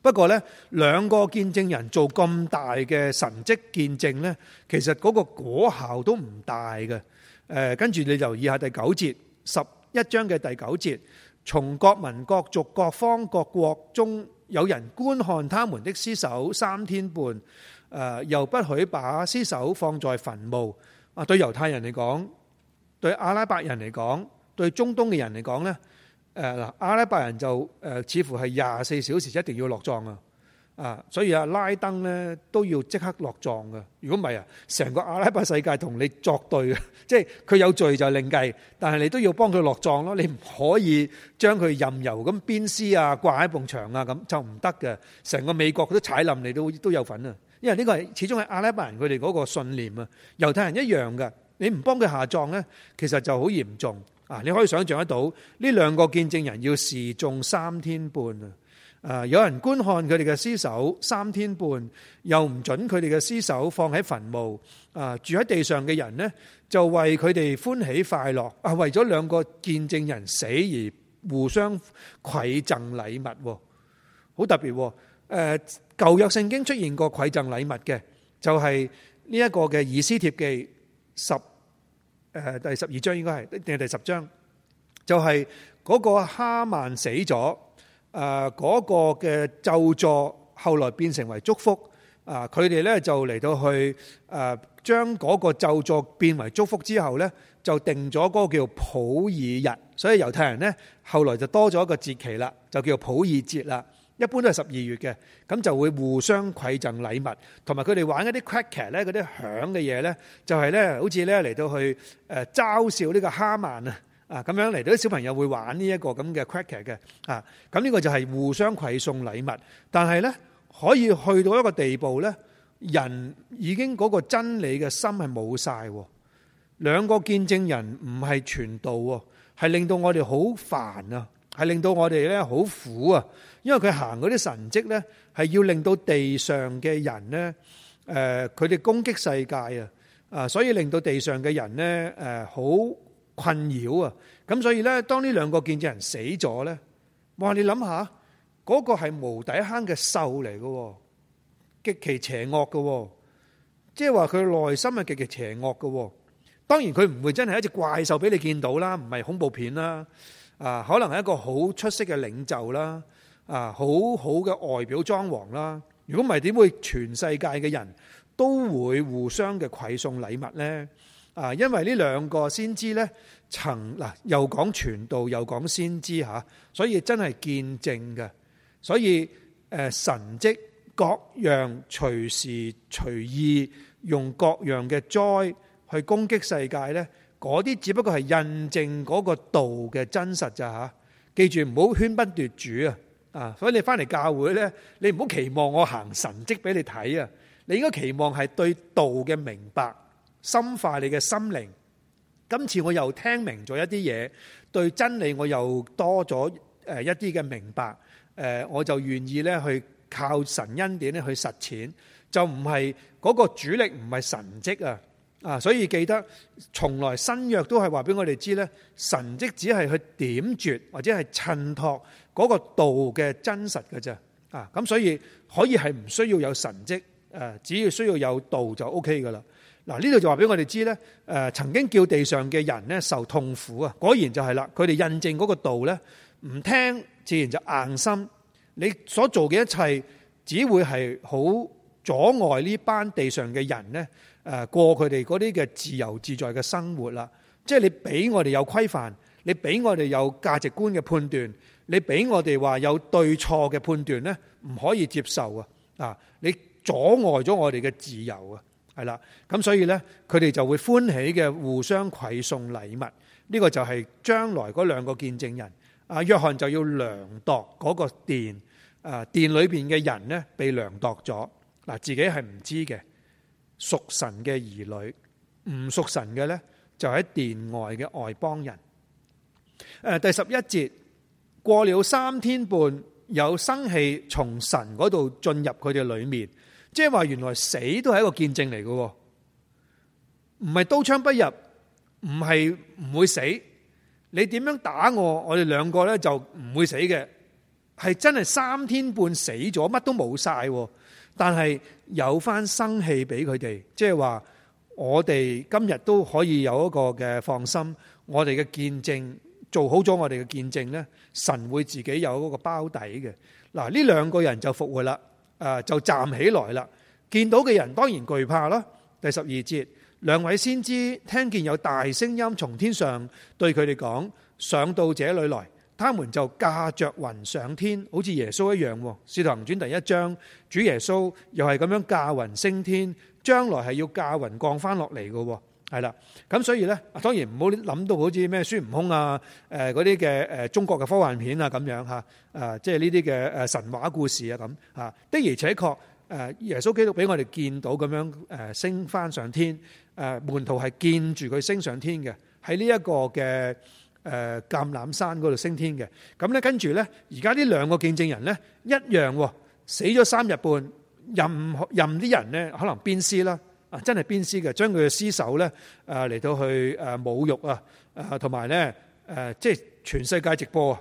不過呢，兩個見證人做咁大嘅神蹟見證呢，其實嗰個果效都唔大嘅。誒，跟住你就以下第九節十一章嘅第九節，從各民各族各方各國中，有人觀看他們的屍首三天半，誒、呃、又不許把屍首放在墳墓。啊，對猶太人嚟講，對阿拉伯人嚟講，對中東嘅人嚟講呢。誒、啊、嗱，阿拉伯人就誒、呃、似乎係廿四小時一定要落葬啊！啊，所以啊，拉登咧都要即刻落葬噶。如果唔係啊，成個阿拉伯世界同你作對啊！即係佢有罪就另計，但係你都要幫佢落葬咯。你唔可以將佢任由咁鞭屍啊、掛喺埲牆啊咁，就唔得嘅。成個美國都踩冧你都都有份啊！因為呢個係始終係阿拉伯人佢哋嗰個信念啊。猶太人一樣嘅，你唔幫佢下葬咧，其實就好嚴重。啊！你可以想象得到，呢兩個見證人要示眾三天半啊！有人觀看佢哋嘅屍首三天半，又唔準佢哋嘅屍首放喺墳墓啊！住喺地上嘅人呢，就為佢哋歡喜快樂啊！為咗兩個見證人死而互相饋贈禮物，好特別喎！誒，舊約聖經出現過饋贈禮物嘅，就係呢一個嘅以斯帖記十。誒第十二章應該係定係第十章，就係、係、嗰個哈曼死咗，誒、呃、嗰、嗰個嘅咒詛後來變成為祝福，啊佢哋咧就嚟到去誒將嗰個咒詛變為祝福之後咧，就定咗嗰個叫普珥日，所以猶太人咧後來就多咗一個節期啦，就叫普珥節啦。一般都係十二月嘅，咁就會互相饋贈禮物，同埋佢哋玩一啲 cracker 咧，嗰啲響嘅嘢咧，就係咧好似咧嚟到去誒嘲笑呢個哈曼啊，啊咁樣嚟到啲小朋友會玩呢一個咁嘅 cracker 嘅啊，咁、這、呢個就係互相饋送禮物，但係咧可以去到一個地步咧，人已經嗰個真理嘅心係冇曬，兩個見證人唔係傳道喎，係令到我哋好煩啊！係令到我哋咧好苦啊！因為佢行嗰啲神蹟咧，係要令到地上嘅人咧，誒，佢哋攻擊世界啊！啊，所以令到地上嘅人咧，誒，好困擾啊！咁所以咧，當呢兩個見證人死咗咧，哇！你諗下，嗰個係無底坑嘅獸嚟嘅，極其邪惡嘅，即係話佢內心係極其邪惡嘅。當然佢唔會真係一隻怪獸俾你見到啦，唔係恐怖片啦。啊，可能係一個好出色嘅領袖啦，啊，好好嘅外表裝潢啦。如果唔係點會全世界嘅人都會互相嘅饋送禮物呢？啊，因為呢兩個先知呢，曾嗱，啊，又講傳道又講先知，啊，所以真係見證嘅。所以，啊，神蹟各樣隨時隨意用各樣嘅災去攻擊世界呢。嗰啲只不過係印證嗰個道嘅真實咋吓，記住唔好喧賓奪主啊！啊，所以你翻嚟教會呢，你唔好期望我行神蹟俾你睇啊！你應該期望係對道嘅明白，深化你嘅心靈。今次我又聽明咗一啲嘢，對真理我又多咗誒一啲嘅明白，誒，我就願意呢去靠神恩典咧去實踐，就唔係嗰個主力唔係神蹟啊！啊！所以記得，從來新約都係話俾我哋知咧，神蹟只係去點綴或者係襯托嗰個道嘅真實嘅啫。啊！咁所以可以係唔需要有神蹟，誒，只要需要有道就 OK 㗎啦。嗱，呢度就話俾我哋知咧，誒，曾經叫地上嘅人咧受痛苦啊，果然就係啦，佢哋印證嗰個道咧，唔聽自然就硬心。你所做嘅一切，只會係好阻礙呢班地上嘅人咧。誒過佢哋嗰啲嘅自由自在嘅生活啦，即係你俾我哋有規範，你俾我哋有價值觀嘅判斷，你俾我哋話有對錯嘅判斷呢，唔可以接受啊！啊，你阻礙咗我哋嘅自由啊，係啦，咁所以呢，佢哋就會歡喜嘅互相饋送禮物，呢、這個就係將來嗰兩個見證人啊，約翰就要量度嗰個殿，誒殿裏邊嘅人呢，被量度咗，嗱自己係唔知嘅。屬神嘅兒女，唔屬神嘅咧就喺、是、殿外嘅外邦人。誒、呃，第十一節，過了三天半，有生氣從神嗰度進入佢哋裏面，即係話原來死都係一個見證嚟嘅，唔係刀槍不入，唔係唔會死。你點樣打我，我哋兩個咧就唔會死嘅，係真係三天半死咗，乜都冇晒。但係有翻生氣俾佢哋，即係話我哋今日都可以有一個嘅放心，我哋嘅見證做好咗，我哋嘅見證咧，神會自己有嗰個包底嘅。嗱，呢兩個人就復活啦，誒，就站起來啦，見到嘅人當然懼怕啦。第十二節，兩位先知聽見有大聲音從天上對佢哋講：上到這裏來。他們就駕着雲上天，好似耶穌一樣喎。《使徒行傳》第一章，主耶穌又係咁樣駕雲升天，將來係要駕雲降翻落嚟嘅喎。係啦，咁所以呢，當然唔好諗到好似咩孫悟空啊，誒嗰啲嘅誒中國嘅科幻片啊咁樣嚇，誒即係呢啲嘅誒神話故事啊咁嚇、啊。的而且確，誒耶穌基督俾我哋見到咁樣誒升翻上天，誒、啊、門徒係見住佢升上天嘅，喺呢一個嘅。誒橄欖山嗰度升天嘅，咁咧跟住咧，而家呢兩個見證人咧一樣喎、哦，死咗三日半，任任啲人咧可能鞭屍啦，啊真係鞭屍嘅，將佢嘅屍首咧嚟、呃、到去誒、呃、侮辱啊，同埋咧即係全世界直播啊，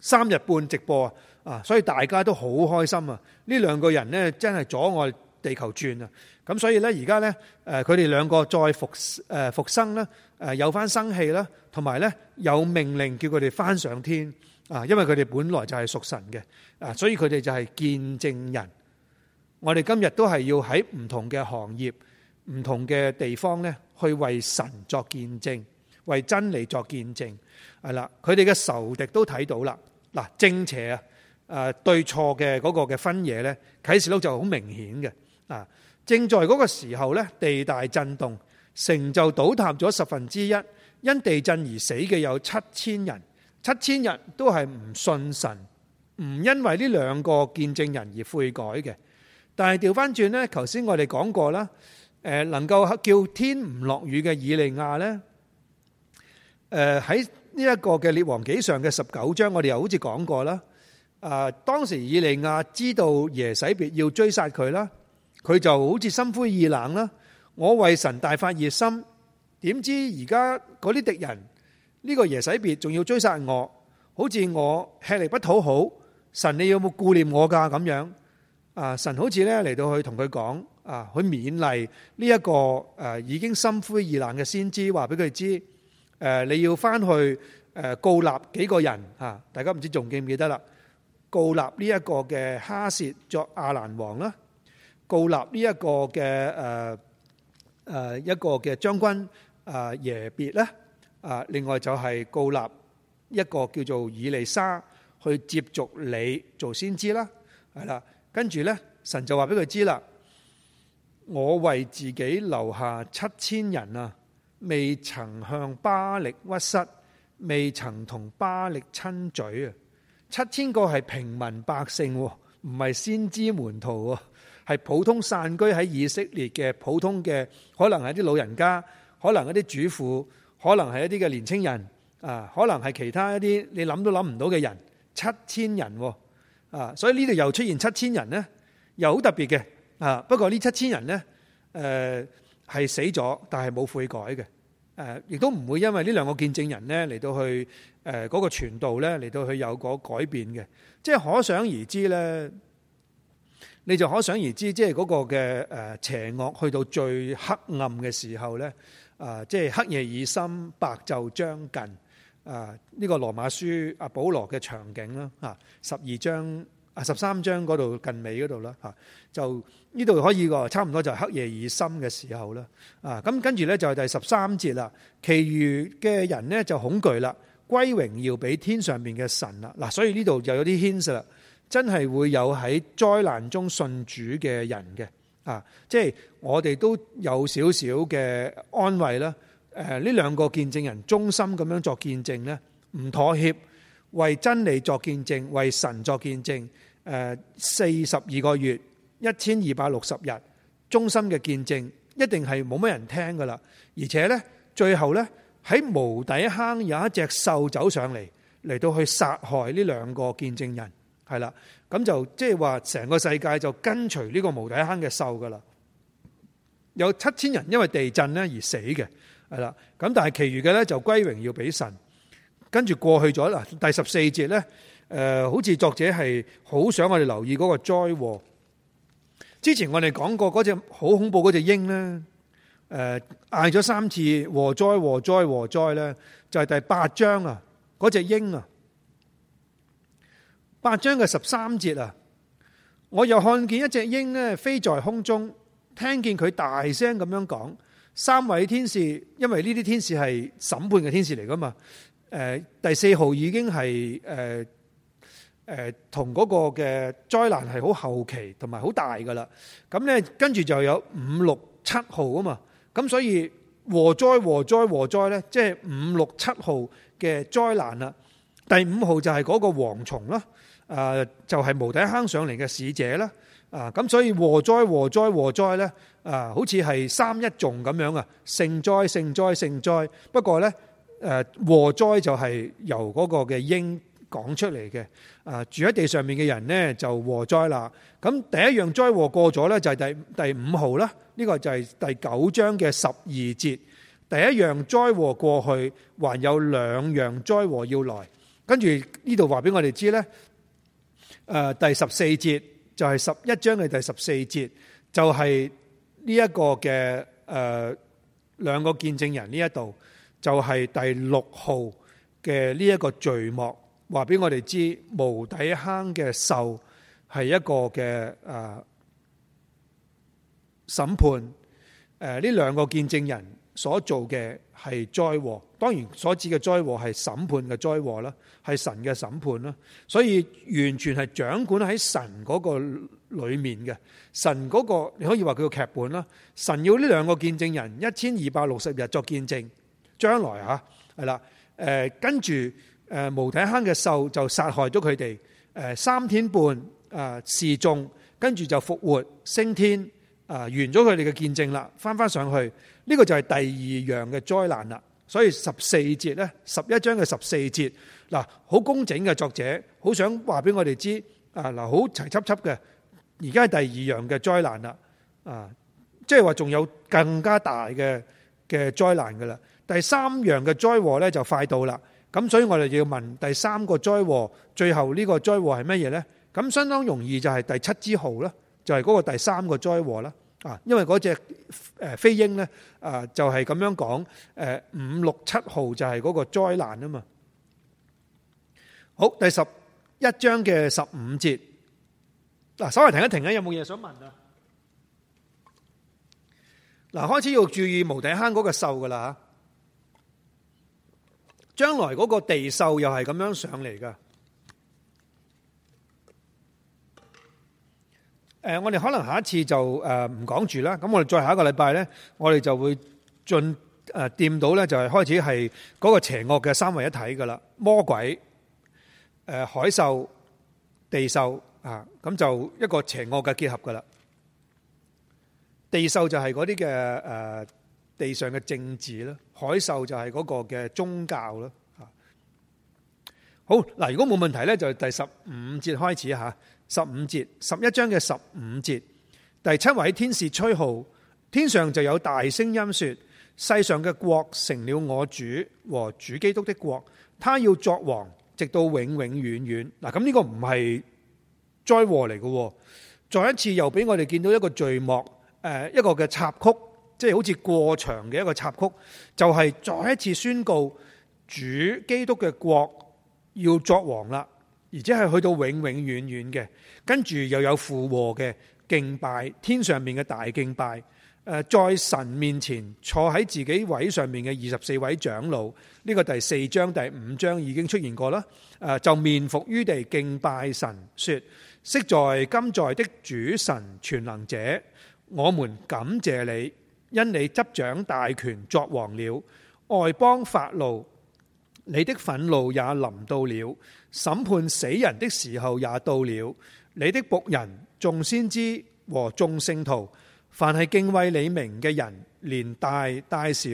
三日半直播啊，啊所以大家都好開心啊，呢兩個人咧真係阻礙地球轉啊，咁所以咧而家咧佢哋兩個再復誒、呃、復生啦。誒有翻生氣啦，同埋呢有命令叫佢哋翻上天啊！因為佢哋本來就係屬神嘅啊，所以佢哋就係見證人。我哋今日都係要喺唔同嘅行業、唔同嘅地方呢去為神作見證，為真理作見證。係啦，佢哋嘅仇敵都睇到啦。嗱，正邪啊，誒對錯嘅嗰個嘅分野呢，啟示錄就好明顯嘅啊！正在嗰個時候呢，地大震動。成就倒塌咗十分之一，因地震而死嘅有七千人，七千人都係唔信神，唔因為呢兩個見證人而悔改嘅。但係調翻轉呢，頭先我哋講過啦，誒，能夠叫天唔落雨嘅以利亞呢，誒喺呢一個嘅列王紀上嘅十九章，我哋又好似講過啦。誒，當時以利亞知道耶洗別要追殺佢啦，佢就好似心灰意冷啦。我為神大發熱心，點知而家嗰啲敵人呢、呢個耶洗別仲要追殺我？好似我吃力不討好，神你有冇顧念我噶咁樣？啊，神好似咧嚟，到去同佢講啊，去勉勵呢、呢、一個誒、啊、已經心灰意冷嘅先知，話俾佢知誒、啊，你要翻去誒、啊、膏立幾個人啊？大家唔知仲記唔記得啦？膏立呢一個嘅哈薛作亞蘭王啦，膏立呢一個嘅誒。啊誒一個嘅將軍誒耶別咧，誒另外就係告納一個叫做以利沙去接續你做先知啦，係啦，跟住咧神就話俾佢知啦，我為自己留下七千人啊，未曾向巴力屈膝，未曾同巴力親嘴啊，七千個係平民百姓喎，唔係先知門徒喎。係普通散居喺以色列嘅普通嘅，可能係啲老人家，可能係啲主婦，可能係一啲嘅年青人，啊，可能係其他一啲你諗都諗唔到嘅人，七千人喎，啊，所以呢度又出現七千人呢，又好特別嘅，啊，不過呢七千人呢，誒係死咗，但係冇悔改嘅，誒，亦都唔會因為呢兩個見證人呢嚟到去誒嗰個傳道呢，嚟到去有個改變嘅，即係可想而知呢。你就可想而知，即係嗰個嘅誒邪惡去到最黑暗嘅時候呢，啊、就是，即係黑夜已深，白晝將近。啊，呢、這個羅馬書阿保羅嘅場景啦，十二章啊十三章嗰度近尾嗰度啦，就呢度可以個，差唔多就黑夜已深嘅時候啦，啊，咁跟住呢，就係第十三節啦，其餘嘅人呢，就恐懼啦，歸榮耀俾天上面嘅神啦，嗱，所以呢度就有啲 hint 啦。真係會有喺災難中信主嘅人嘅，啊！即係我哋都有少少嘅安慰啦。誒、呃，呢兩個見證人忠心咁樣作見證呢，唔妥協，為真理作見證，為神作見證。誒、呃，四十二個月，一千二百六十日，忠心嘅見證，一定係冇乜人聽噶啦。而且呢，最後呢，喺無底坑有一隻獸走上嚟，嚟到去殺害呢兩個見證人。係啦，咁就即係話成個世界就跟隨呢個無底坑嘅獸噶啦，有七千人因為地震咧而死嘅。係啦，咁但係其餘嘅咧就歸榮耀俾神，跟住過去咗啦。第十四節咧，誒，好似作者係好想我哋留意嗰個災禍。之前我哋講過嗰隻好恐怖嗰隻鷹咧，誒、呃，嗌咗三次禍哉禍哉禍哉咧，就係、是、第八章啊，嗰隻鷹啊。八章嘅十三節啊，我又看見一隻鷹咧，飛在空中，聽見佢大聲咁樣講：三位天使，因為呢啲天使係審判嘅天使嚟噶嘛。誒，第四號已經係誒誒，同嗰個嘅災難係好後期同埋好大噶啦。咁咧跟住就有五六七號啊嘛。咁所以禍哉禍哉禍哉咧，即係五六七號嘅災難啦。第五號就係嗰個蝗蟲啦。誒，就係無底坑上嚟嘅使者啦，啊，咁所以禍哉禍哉禍哉呢，啊，好似係三一重咁樣啊，聖哉聖哉聖哉，不過呢，誒，禍哉就係由嗰個嘅鷹講出嚟嘅，啊，住喺地上面嘅人呢，就禍哉啦，咁第一樣災禍過咗呢，就係第第五號啦，呢個就係第九章嘅十二節，第一樣災禍過去，還有兩樣災禍要來，跟住呢度話俾我哋知呢。誒、呃、第十四節就係、是、十一章嘅第十四節，就係呢一個嘅誒兩個見證人呢一度就係、是、第六號嘅呢一個序幕，話俾我哋知無底坑嘅獸係一個嘅誒審判。誒呢兩個見證人。所做嘅係災禍，當然所指嘅災禍係審判嘅災禍啦，係神嘅審判啦，所以完全係掌管喺神嗰個裏面嘅，神嗰個你可以話佢個劇本啦。神要呢兩個見證人一千二百六十日作見證，將來吓係啦，誒跟住誒無底坑嘅獸就殺害咗佢哋，誒三天半啊示眾，跟住就復活升天。啊，完咗佢哋嘅見證啦，翻翻上去呢個就係第二樣嘅災難啦。所以十四節呢，十一章嘅十四節，嗱好工整嘅作者，好想話俾我哋知，啊嗱好齊輯輯嘅，而家係第二樣嘅災難啦。啊，即係話仲有更加大嘅嘅災難噶啦。第三樣嘅災禍呢，就快到啦。咁所以我哋要問第三個災禍，最後呢個災禍係乜嘢呢？咁相當容易就係第七支號啦，就係嗰個第三個災禍啦。啊，因為嗰隻誒飛鷹咧啊，就係、是、咁樣講，誒五六七號就係嗰個災難啊嘛。好，第十一章嘅十五節，嗱、啊、稍為停一停啊，有冇嘢想問啊？嗱、啊，開始要注意無底坑嗰個獸噶啦吓，將來嗰個地獸又係咁樣上嚟噶。誒，我哋可能下一次就誒唔講住啦。咁我哋再下一個禮拜咧，我哋就會進誒掂到咧，就係開始係嗰個邪惡嘅三位一體噶啦。魔鬼誒、呃，海獸、地獸啊，咁就一個邪惡嘅結合噶啦。地獸就係嗰啲嘅誒地上嘅政治啦，海獸就係嗰個嘅宗教啦。吓、啊，好嗱，如果冇問題咧，就第十五節開始吓。啊十五節十一章嘅十五節，第七位天使吹號，天上就有大聲音說：世上嘅國成了我主和、哦、主基督的國，他要作王，直到永永遠遠。嗱、啊，咁、這、呢個唔係災禍嚟嘅，再一次又俾我哋見到一個序幕，誒、呃，一個嘅插曲，即係好似過場嘅一個插曲，就係、是、再一次宣告主基督嘅國要作王啦。而且係去到永永遠遠嘅，跟住又有附和嘅敬拜，天上面嘅大敬拜。在神面前坐喺自己位上面嘅二十四位長老，呢、這個第四章第五章已經出現過啦。就面伏於地敬拜神，說：昔在今在的主神全能者，我們感謝你，因你執掌大權作王了，外邦發怒。你的憤怒也臨到了，審判死人的時候也到了。你的僕人、眾先知和眾聖徒，凡係敬畏你名嘅人，連大大小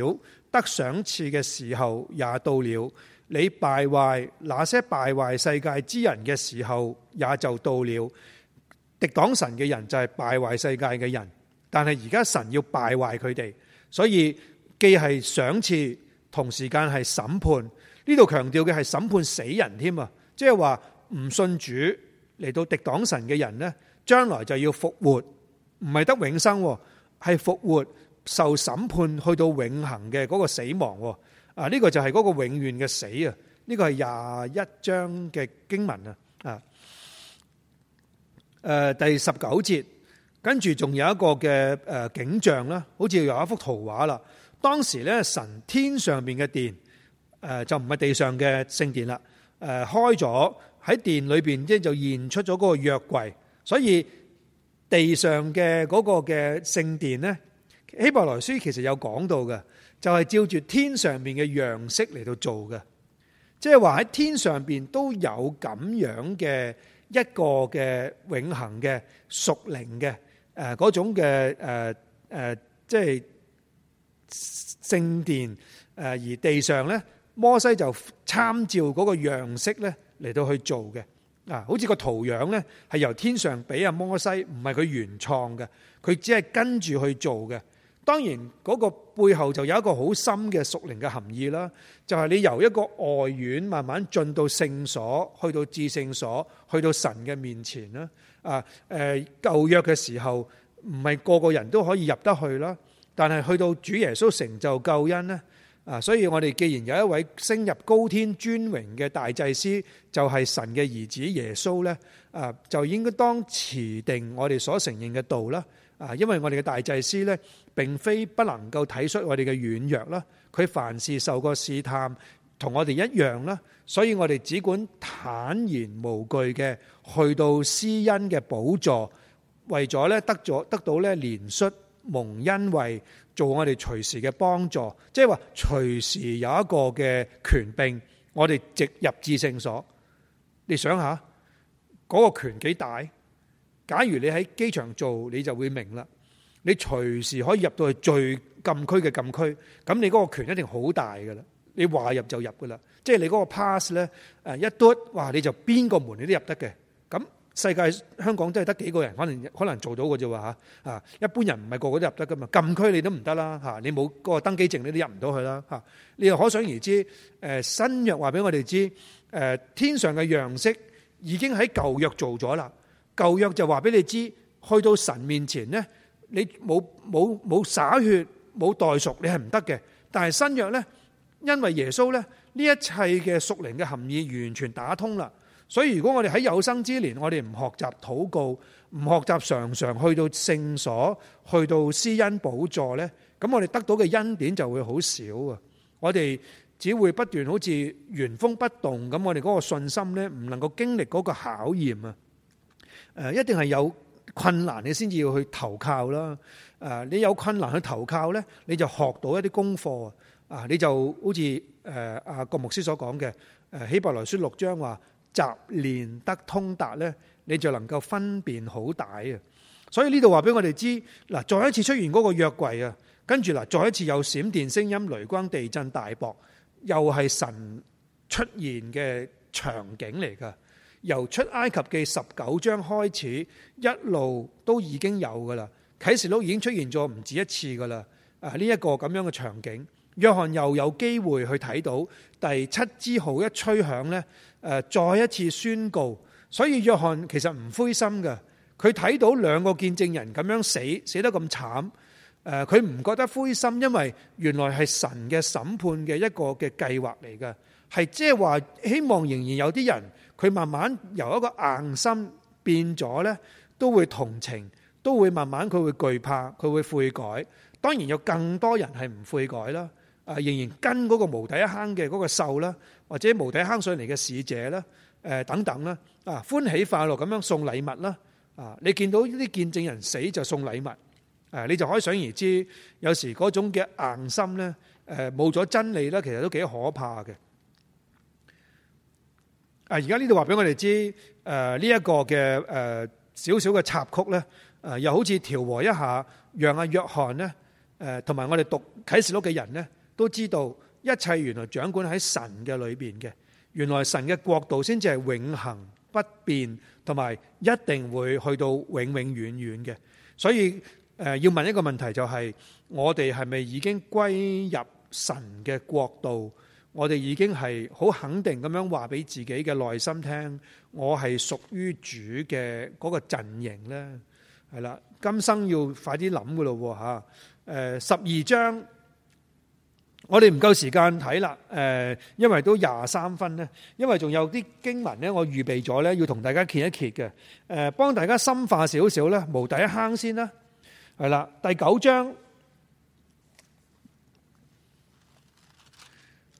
得賞賜嘅時候也到了。你敗壞那些敗壞世界之人嘅時候，也就到了。敵擋神嘅人就係敗壞世界嘅人，但係而家神要敗壞佢哋，所以既係賞賜，同時間係審判。呢度強調嘅係審判死人添啊，即係話唔信主嚟到敵擋神嘅人呢，將來就要復活，唔係得永生，係復活受審判去到永恆嘅嗰個死亡，啊、這、呢個就係嗰個永遠嘅死啊，呢、這個係廿一章嘅經文啊，啊，誒第十九節，跟住仲有一個嘅誒景象啦，好似有一幅圖畫啦，當時呢，神天上面嘅電。誒，就唔係地上嘅聖殿啦。誒，開咗喺殿裏邊，即係就現出咗嗰個約櫃。所以地上嘅嗰個嘅聖殿咧，《希伯來書》其實有講到嘅，就係、是、照住天上邊嘅樣式嚟到做嘅。即係話喺天上邊都有咁樣嘅一個嘅永恒嘅屬靈嘅誒，嗰種嘅誒誒，即係聖殿。誒、呃，而地上咧。摩西就參照嗰個樣式咧嚟到去做嘅，啊，好似個圖樣咧係由天上俾阿摩西，唔係佢原創嘅，佢只係跟住去做嘅。當然嗰個背後就有一個好深嘅屬靈嘅含義啦，就係、是、你由一個外院慢慢進到聖所，去到至聖所，去到神嘅面前啦。啊，誒，舊約嘅時候唔係個個人都可以入得去啦，但係去到主耶穌成就救恩呢啊，所以我哋既然有一位升入高天尊榮嘅大祭司，就係神嘅兒子耶穌呢，啊，就應該當持定我哋所承認嘅道啦。啊，因為我哋嘅大祭司呢，並非不能夠體恤我哋嘅軟弱啦，佢凡事受過試探，同我哋一樣啦，所以我哋只管坦然無懼嘅去到施恩嘅寶座，為咗咧得咗得到咧憐恤蒙恩惠。做我哋隨時嘅幫助，即係話隨時有一個嘅權柄，我哋直入至聖所。你想下嗰、那個權幾大？假如你喺機場做，你就會明啦。你隨時可以入到去最禁區嘅禁區，咁你嗰個權一定好大噶啦。你話入就入噶啦，即係你嗰個 pass 呢，誒一嘟哇，你就邊個門你都入得嘅。世界香港都係得幾個人，可能可能做到嘅啫喎嚇啊！一般人唔係個個都入得㗎嘛，禁區你都唔得啦嚇，你冇個登記證你都入唔到去啦嚇。你又可想而知，誒新約話俾我哋知，誒天上嘅樣式已經喺舊約做咗啦。舊約就話俾你知，去到神面前咧，你冇冇冇灑血，冇代贖，你係唔得嘅。但係新約咧，因為耶穌咧，呢一切嘅屬靈嘅含義完全打通啦。所以如果我哋喺有生之年，我哋唔學習禱告，唔學習常常去到聖所，去到施恩寶座呢，咁我哋得到嘅恩典就會好少啊！我哋只會不斷好似原封不動咁，我哋嗰個信心呢，唔能夠經歷嗰個考驗啊！誒，一定係有困難你先至要去投靠啦。誒，你有困難去投靠呢，你就學到一啲功課啊！你就好似誒阿郭牧師所講嘅，誒希伯來書六章話，習練得通達呢，你就能夠分辨好歹啊！所以呢度話俾我哋知，嗱，再一次出現嗰個約櫃啊，跟住嗱，再一次有閃電、聲音、雷光、地震、大雹，又係神出現嘅場景嚟噶。由出埃及記十九章開始，一路都已經有噶啦，啟示錄已經出現咗唔止一次噶啦。啊，呢、這、一個咁樣嘅場景。約翰又有機會去睇到第七支號一吹響呢，誒、呃、再一次宣告。所以約翰其實唔灰心㗎，佢睇到兩個見證人咁樣死，死得咁慘，誒佢唔覺得灰心，因為原來係神嘅審判嘅一個嘅計劃嚟嘅，係即係話希望仍然有啲人佢慢慢由一個硬心變咗呢，都會同情，都會慢慢佢會懼怕，佢會悔改。當然有更多人係唔悔改啦。啊，仍然跟嗰個無底坑嘅嗰個獸啦，或者無底坑上嚟嘅使者啦，誒等等啦，啊，歡喜快樂咁樣送禮物啦，啊，你見到呢啲見證人死就送禮物，啊，你就可以想而知，有時嗰種嘅硬心咧，誒冇咗真理咧，其實都幾可怕嘅。啊，而家呢度話俾我哋知，誒呢一個嘅誒小小嘅插曲咧，誒又好似調和一下，讓阿約翰咧，誒同埋我哋讀啟示錄嘅人咧。都知道一切原來掌管喺神嘅裏邊嘅，原來神嘅國度先至係永恆不變，同埋一定會去到永永遠遠嘅。所以誒、呃，要問一個問題就係、是，我哋係咪已經歸入神嘅國度？我哋已經係好肯定咁樣話俾自己嘅內心聽，我係屬於主嘅嗰個陣營呢。」係啦，今生要快啲諗噶咯吓。誒、呃，十二章。我哋唔夠時間睇啦，誒，因為都廿三分咧，因為仲有啲經文咧，我預備咗咧要同大家揭一揭嘅，誒，幫大家深化少少咧，無底坑先啦，係啦，第九章，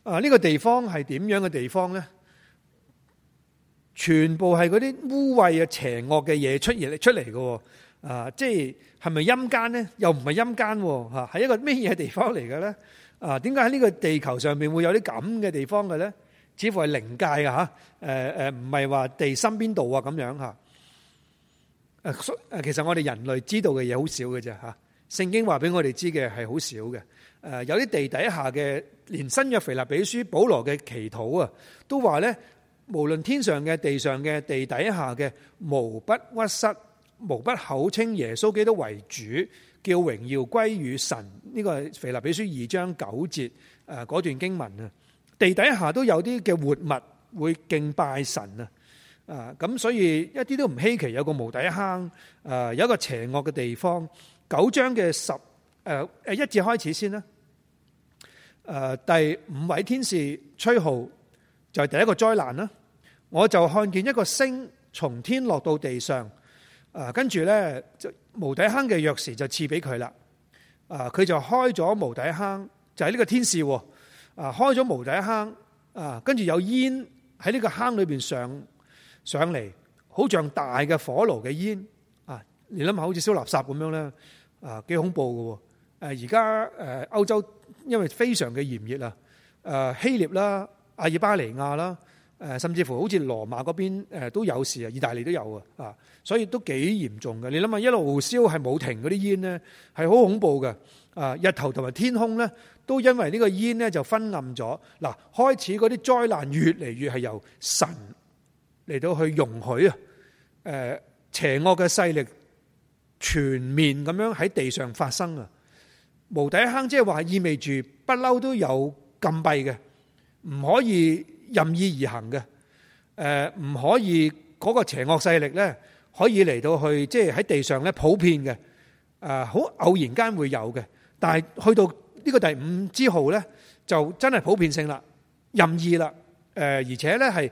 啊，呢、這個地方係點樣嘅地方咧？全部係嗰啲污穢啊、邪惡嘅嘢出嚟出嚟嘅，啊，即係係咪陰間咧？又唔係陰間、啊，吓，係一個咩嘢地方嚟嘅咧？啊，點解喺呢個地球上面會有啲咁嘅地方嘅咧？似乎係靈界嘅嚇，誒、啊、誒，唔係話地心邊度啊咁樣嚇。誒、啊、誒，其實我哋人類知道嘅嘢好少嘅啫嚇。聖、啊、經話俾我哋知嘅係好少嘅。誒、啊，有啲地底下嘅，連新約腓立比書，保羅嘅祈禱啊，都話咧，無論天上嘅、地上嘅、地底下嘅，無不屈膝、無不口稱耶穌基督為主。叫榮耀歸於神呢，這個係腓立比書二章九節，誒嗰段經文啊，地底下都有啲嘅活物會敬拜神啊，啊咁所以一啲都唔稀奇，有個無底坑，誒有一個邪惡嘅地方。九章嘅十誒誒、呃、一節開始先啦，誒、呃、第五位天使吹號就係、是、第一個災難啦，我就看見一個星從天落到地上。啊，跟住咧就無底坑嘅鑰匙就賜俾佢啦。啊，佢就開咗無底坑，就係、是、呢個天使喎。啊，開咗無底坑啊，跟住有煙喺呢個坑裏邊上上嚟，好像大嘅火爐嘅煙啊。你諗下，好似燒垃圾咁樣咧，啊，幾恐怖嘅喎。誒而家誒歐洲因為非常嘅炎熱啊，誒希臘啦、阿爾巴尼亞啦。誒，甚至乎好似羅馬嗰邊都有事啊，意大利都有啊，啊，所以都幾嚴重嘅。你諗下，一路燒係冇停嗰啲煙咧，係好恐怖嘅。啊，日頭同埋天空咧，都因為呢個煙咧就昏暗咗。嗱，開始嗰啲災難越嚟越係由神嚟到去容許啊。誒、呃，邪惡嘅勢力全面咁樣喺地上發生啊。無底坑即係話意味住不嬲都有禁閉嘅，唔可以。任意而行嘅，誒，唔可以嗰個邪惡勢力呢可以嚟到去，即係喺地上普遍嘅，啊、呃，好偶然間會有嘅，但係去到呢個第五之號呢，就真係普遍性啦，任意啦，誒、呃，而且呢，係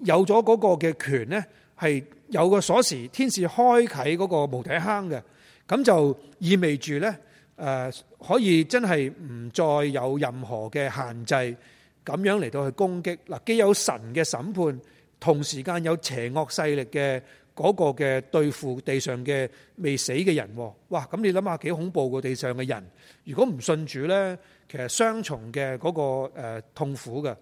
有咗嗰個嘅權呢係有個鎖匙，天使開啟嗰個無底坑嘅，咁就意味住呢，誒、呃，可以真係唔再有任何嘅限制。咁樣嚟到去攻擊嗱，既有神嘅審判，同時間有邪惡勢力嘅嗰個嘅對付地上嘅未死嘅人，哇！咁你諗下幾恐怖個地上嘅人，如果唔信主呢，其實雙重嘅嗰個誒、呃、痛苦嘅。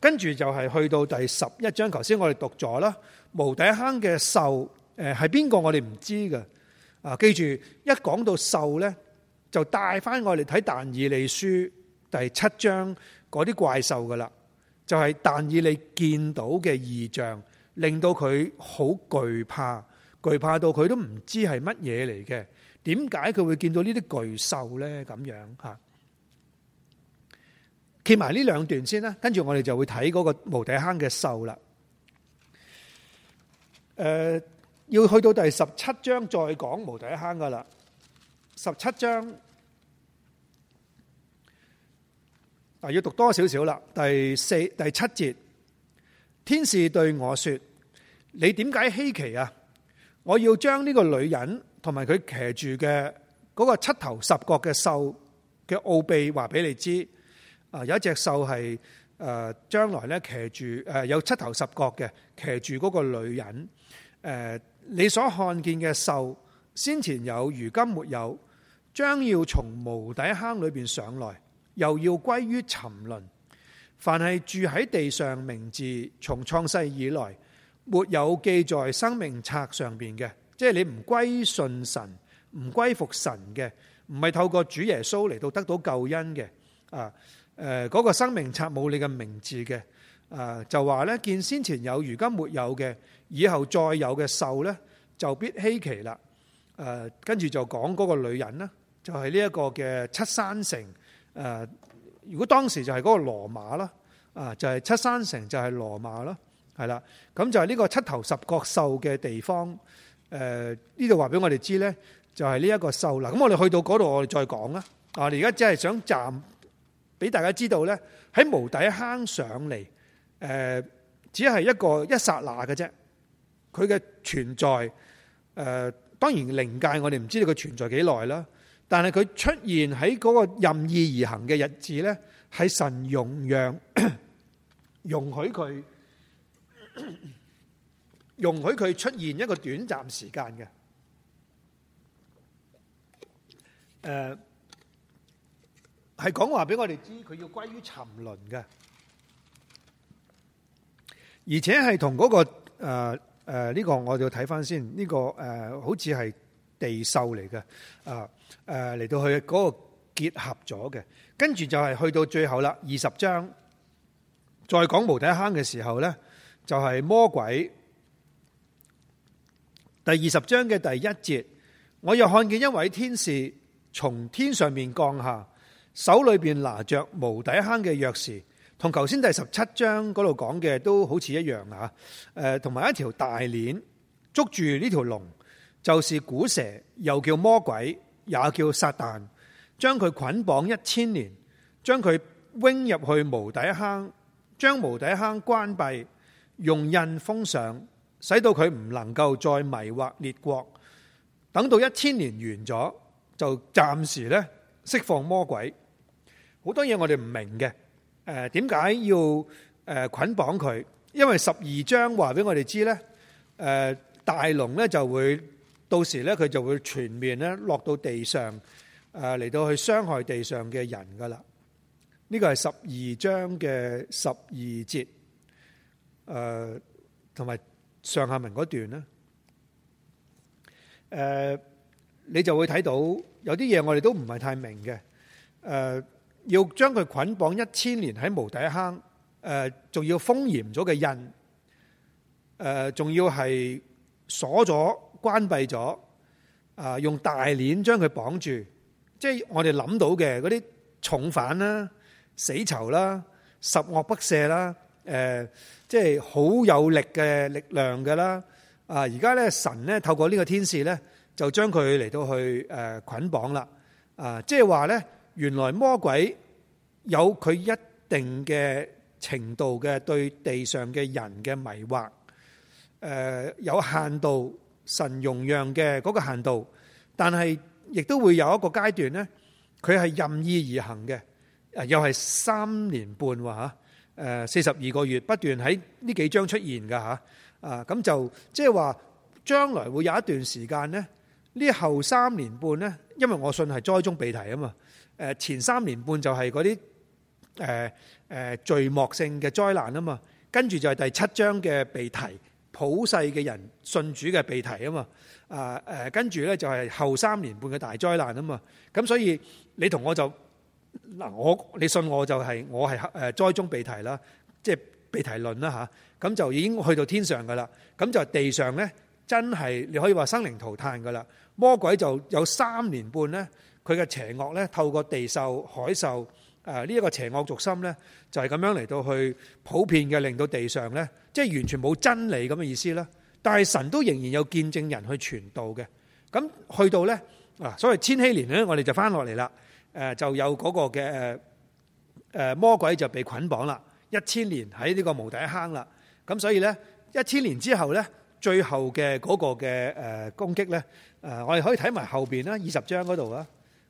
跟住就係去到第十一章，頭先我哋讀咗啦，無底坑嘅獸，誒，係邊個我哋唔知嘅，啊，記住一講到獸呢，就帶翻我哋睇但以理書第七章。嗰啲怪獸噶啦，就係、是、但以理見到嘅異象，令到佢好懼怕，懼怕到佢都唔知係乜嘢嚟嘅。點解佢會見到呢啲巨獸呢？咁樣吓，揭埋呢兩段先啦，跟住我哋就會睇嗰個無底坑嘅獸啦。誒、呃，要去到第十七章再講無底坑噶啦，十七章。啊！要讀多少少啦？第四、第七節，天使對我說：你點解稀奇啊？我要將呢個女人同埋佢騎住嘅嗰個七頭十角嘅獸嘅奧秘話俾你知。啊，有一隻獸係誒，將來咧騎住誒有七頭十角嘅騎住嗰個女人。誒，你所看見嘅獸先前有，如今沒有，將要從無底坑裏邊上來，又要歸於沉淪。凡係住喺地上，名字從創世以來沒有記在生命冊上邊嘅，即係你唔歸順神，唔歸服神嘅，唔係透過主耶穌嚟到得到救恩嘅。啊，誒、呃，嗰、那個生命冊冇你嘅名字嘅。啊，就話呢：「見先前有，如今沒有嘅，以後再有嘅獸呢，就必稀奇啦。」誒、啊，跟住就講嗰個女人呢，就係呢一個嘅七山城。誒、呃，如果當時就係嗰個羅馬啦，啊、呃，就係、是、七山城就係羅馬啦，係啦，咁就係呢個七頭十角獸嘅地方。誒、呃，呢度話俾我哋知呢，就係呢一個獸啦。咁我哋去到嗰度我哋再講啦。啊、呃，我哋而家只係想站俾大家知道呢，喺無底坑上嚟，誒、呃，只係一個一剎那嘅啫。佢嘅存在，誒、呃，當然靈界我哋唔知道佢存在幾耐啦。但係佢出現喺嗰個任意而行嘅日子咧，係神容讓、容許佢、容許佢出現一個短暫時間嘅。誒，係講話俾我哋知佢要歸於沉淪嘅，而且係同嗰個誒誒呢個，我哋要睇翻先，呢個誒好似係。地獸嚟嘅，啊誒嚟到去嗰個結合咗嘅，跟住就係去到最後啦。二十章再講無底坑嘅時候呢，就係、是、魔鬼第二十章嘅第一節，我又看見一位天使從天上面降下，手裏邊拿着無底坑嘅鑰匙，同頭先第十七章嗰度講嘅都好似一樣啊。誒，同埋一條大鏈捉住呢條龍。就是古蛇，又叫魔鬼，也叫撒旦，將佢捆綁一千年，將佢扔入去無底坑，將無底坑關閉，用印封上，使到佢唔能夠再迷惑列國。等到一千年完咗，就暫時咧釋放魔鬼。好多嘢我哋唔明嘅，誒，點解要捆綁佢？因為十二章話俾我哋知咧，誒，大龍咧就會。到時咧，佢就會全面咧落到地上，誒，嚟到去傷害地上嘅人噶啦。呢個係十二章嘅十二節，誒同埋上下文嗰段咧，誒、呃、你就會睇到有啲嘢我哋都唔係太明嘅。誒、呃、要將佢捆綁一千年喺無底坑，誒、呃、仲要封嚴咗嘅印，誒、呃、仲要係鎖咗。關閉咗，啊，用大鏈將佢綁住，即係我哋諗到嘅嗰啲重犯啦、死囚啦、十惡不赦啦，誒，即係好有力嘅力量嘅啦。啊，而家咧神咧透過呢個天使咧，就將佢嚟到去誒捆綁啦。啊，即係話咧，原來魔鬼有佢一定嘅程度嘅對地上嘅人嘅迷惑，誒，有限度。神容讓嘅嗰個限度，但係亦都會有一個階段呢。佢係任意而行嘅，又係三年半哇吓，誒，四十二個月不斷喺呢幾章出現噶吓，啊，咁就即係話將來會有一段時間呢。呢後三年半呢，因為我信係災中被提啊嘛，誒，前三年半就係嗰啲誒誒序幕性嘅災難啊嘛，跟住就係第七章嘅被提。普世嘅人信主嘅被提啊嘛，啊誒跟住呢就係後三年半嘅大災難啊嘛，咁所以你同我就嗱我你信我就係、是、我係誒栽中被提啦，即係被提論啦吓，咁就已經去到天上噶啦，咁就地上呢，真係你可以話生靈塗炭噶啦，魔鬼就有三年半呢，佢嘅邪惡呢，透過地獸海獸。誒呢一個邪惡軸心咧，就係咁樣嚟到去普遍嘅，令到地上咧，即係完全冇真理咁嘅意思啦。但係神都仍然有見證人去傳道嘅。咁去到咧，啊，所謂千禧年咧，我哋就翻落嚟啦。就有嗰個嘅魔鬼就被捆綁啦，一千年喺呢個無底坑啦。咁所以咧，一千年之後咧，最後嘅嗰個嘅攻擊咧，我哋可以睇埋後面啦，二十章嗰度啊。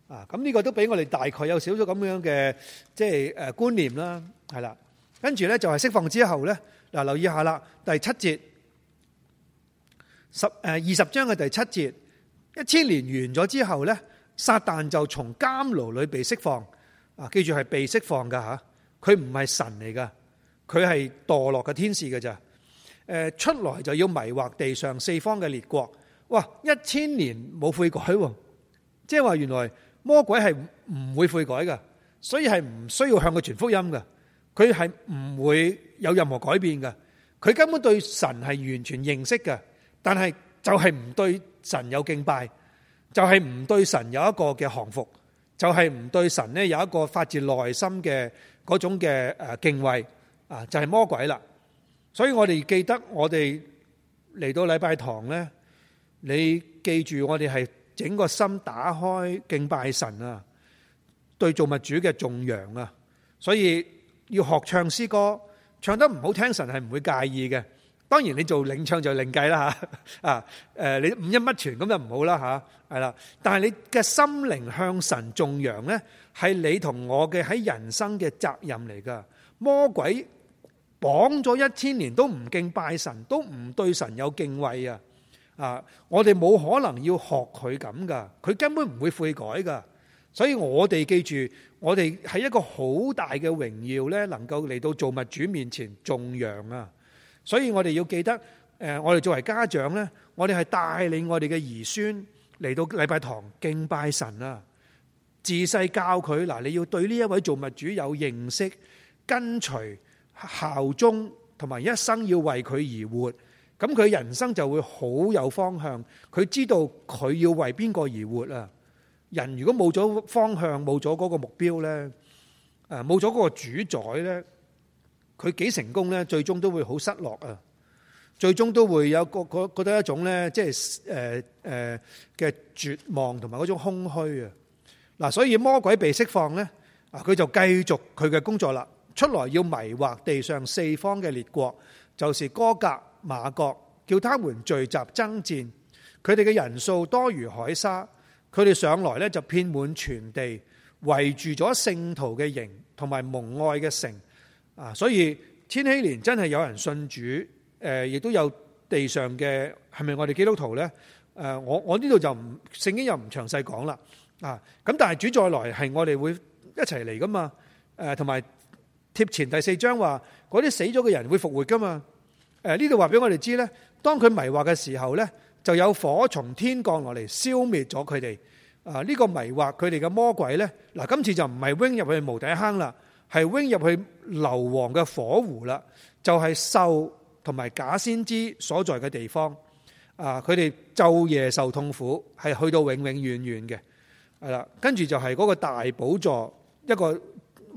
啊，咁呢個都俾我哋大概有少少咁樣嘅即係誒觀念啦，係啦。跟住咧就係釋放之後咧，嗱留意下啦，第七節十誒二十章嘅第七節，一千年完咗之後咧，撒旦就從監牢裏被釋放。啊，記住係被釋放噶吓，佢唔係神嚟噶，佢係墮落嘅天使嘅咋。誒，出嚟就要迷惑地上四方嘅列國。哇，一千年冇悔改，即係話原來。魔鬼係唔會悔改噶所以係唔需要向佢傳福音噶。佢係唔會有任何改變噶。佢根本對神係完全認識噶但係就係唔對神有敬拜，就係唔對神有一個嘅降服，就係唔對神咧有一個發自內心嘅嗰種嘅誒敬畏啊，就係魔鬼啦。所以我哋記得我哋嚟到禮拜堂呢，你記住我哋係。整個心打開敬拜神啊，對造物主嘅頌揚啊，所以要學唱詩歌，唱得唔好聽神係唔會介意嘅。當然你做領唱就另計啦吓，啊，誒你五音不全咁就唔好啦吓，係、啊、啦。但係你嘅心靈向神頌揚呢，係你同我嘅喺人生嘅責任嚟噶魔鬼綁咗一千年都唔敬拜神，都唔對神有敬畏啊！啊！我哋冇可能要學佢咁噶，佢根本唔會悔改噶。所以我哋記住，我哋喺一個好大嘅榮耀呢，能夠嚟到造物主面前頌揚啊！所以我哋要記得，誒、呃，我哋作為家長呢，我哋係帶領我哋嘅兒孫嚟到禮拜堂敬拜神啊！自細教佢嗱、啊，你要對呢一位造物主有認識，跟隨效忠，同埋一生要為佢而活。咁佢人生就會好有方向，佢知道佢要為邊個而活啊！人如果冇咗方向，冇咗嗰個目標咧，啊冇咗嗰個主宰咧，佢幾成功咧，最終都會好失落啊！最終都會有個個覺得一種咧，即係誒誒嘅絕望同埋嗰種空虛啊！嗱，所以魔鬼被釋放咧，啊佢就繼續佢嘅工作啦，出來要迷惑地上四方嘅列國，就是歌革。馬國叫他們聚集爭戰，佢哋嘅人數多如海沙，佢哋上來咧就遍滿全地，圍住咗聖徒嘅營同埋蒙愛嘅城啊！所以天禧年真係有人信主，誒，亦都有地上嘅係咪我哋基督徒呢？誒，我我呢度就唔聖經又唔詳細講啦啊！咁但係主再來係我哋會一齊嚟噶嘛？誒，同埋帖前第四章話嗰啲死咗嘅人會復活噶嘛？誒呢度話俾我哋知呢，當佢迷惑嘅時候呢，就有火從天降落嚟，消滅咗佢哋。啊，呢個迷惑佢哋嘅魔鬼呢，嗱，今次就唔係扔入去無底坑啦，係扔入去硫磺嘅火湖啦，就係獸同埋假先知所在嘅地方。啊，佢哋晝夜受痛苦，係去到永永遠遠嘅。係啦，跟住就係嗰個大寶座，一個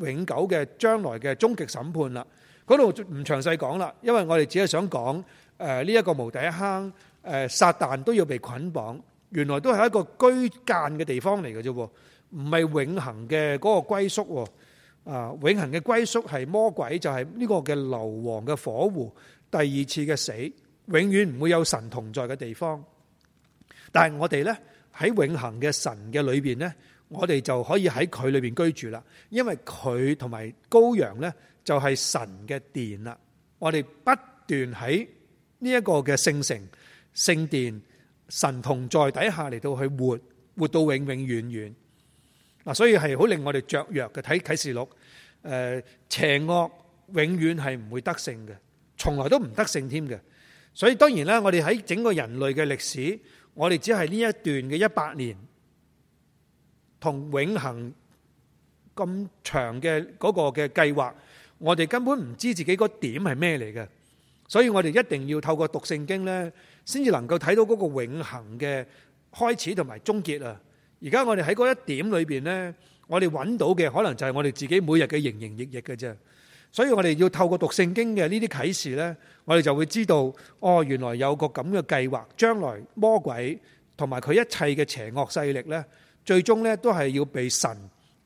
永久嘅將來嘅終極審判啦。嗰度唔詳細講啦，因為我哋只係想講誒呢一個無底坑，誒撒但都要被捆綁，原來都係一個居間嘅地方嚟嘅啫，唔係永恆嘅嗰個歸宿喎。啊，永恆嘅歸宿係魔鬼，就係呢個嘅硫磺嘅火湖，第二次嘅死，永遠唔會有神同在嘅地方。但係我哋呢，喺永恆嘅神嘅裏邊呢，我哋就可以喺佢裏邊居住啦，因為佢同埋羔羊呢。就係、是、神嘅殿啦，我哋不斷喺呢一個嘅聖城、聖殿、神同在底下嚟到去活，活到永永遠遠。嗱，所以係好令我哋雀躍嘅。睇啟示錄，誒、呃，邪惡永遠係唔會得勝嘅，從來都唔得勝添嘅。所以當然啦，我哋喺整個人類嘅歷史，我哋只係呢一段嘅一百年，同永恆咁長嘅嗰個嘅計劃。我哋根本唔知自己嗰點係咩嚟嘅，所以我哋一定要透過讀聖經呢，先至能夠睇到嗰個永恆嘅開始同埋終結啊！而家我哋喺嗰一點裏邊呢，我哋揾到嘅可能就係我哋自己每日嘅營營役役嘅啫。所以我哋要透過讀聖經嘅呢啲啟示呢，我哋就會知道哦，原來有個咁嘅計劃，將來魔鬼同埋佢一切嘅邪惡勢力呢，最終呢都係要被神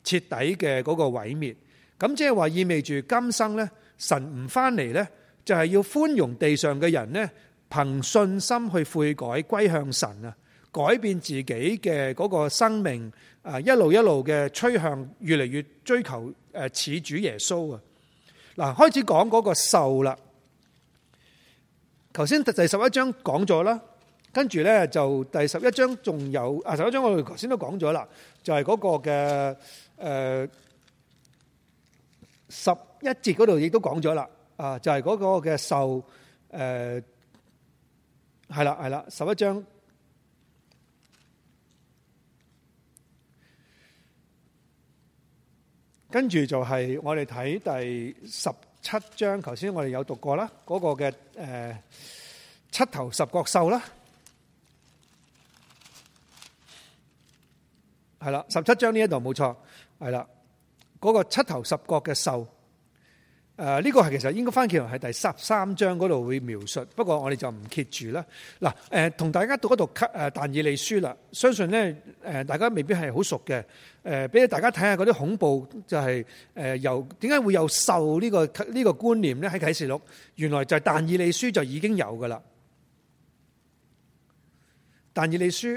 徹底嘅嗰個毀滅。咁即係話意味住今生呢，神唔返嚟呢，就係要寬容地上嘅人呢，憑信心去悔改歸向神啊，改變自己嘅嗰個生命啊，一路一路嘅趨向越嚟越追求誒似主耶穌啊。嗱，開始講嗰個獸啦，頭先第十一章講咗啦，跟住呢就第十一章仲有啊，十一章我哋頭先都講咗啦，就係嗰個嘅誒。十一節嗰度亦都講咗啦，啊，就係嗰個嘅獸，誒，係啦係啦，十一章，跟住就係我哋睇第十七章，頭先我哋有讀過啦，嗰個嘅誒七頭十角獸啦，係啦，十七章呢一度冇錯，係啦。嗰、那個七頭十角嘅獸，誒、啊，呢、這個係其實應該翻《啟示錄》係第十三章嗰度會描述，不過我哋就唔揭住啦。嗱、啊，誒、呃，同大家到嗰度《但以理書》啦，相信咧，誒、呃，大家未必係好熟嘅，誒、呃，俾大家睇下嗰啲恐怖、就是，就、呃、係，誒，由點解會有獸呢、這個呢、這個觀念咧？喺《啟示錄》，原來就《但以理書》就已經有噶啦，《但以理書》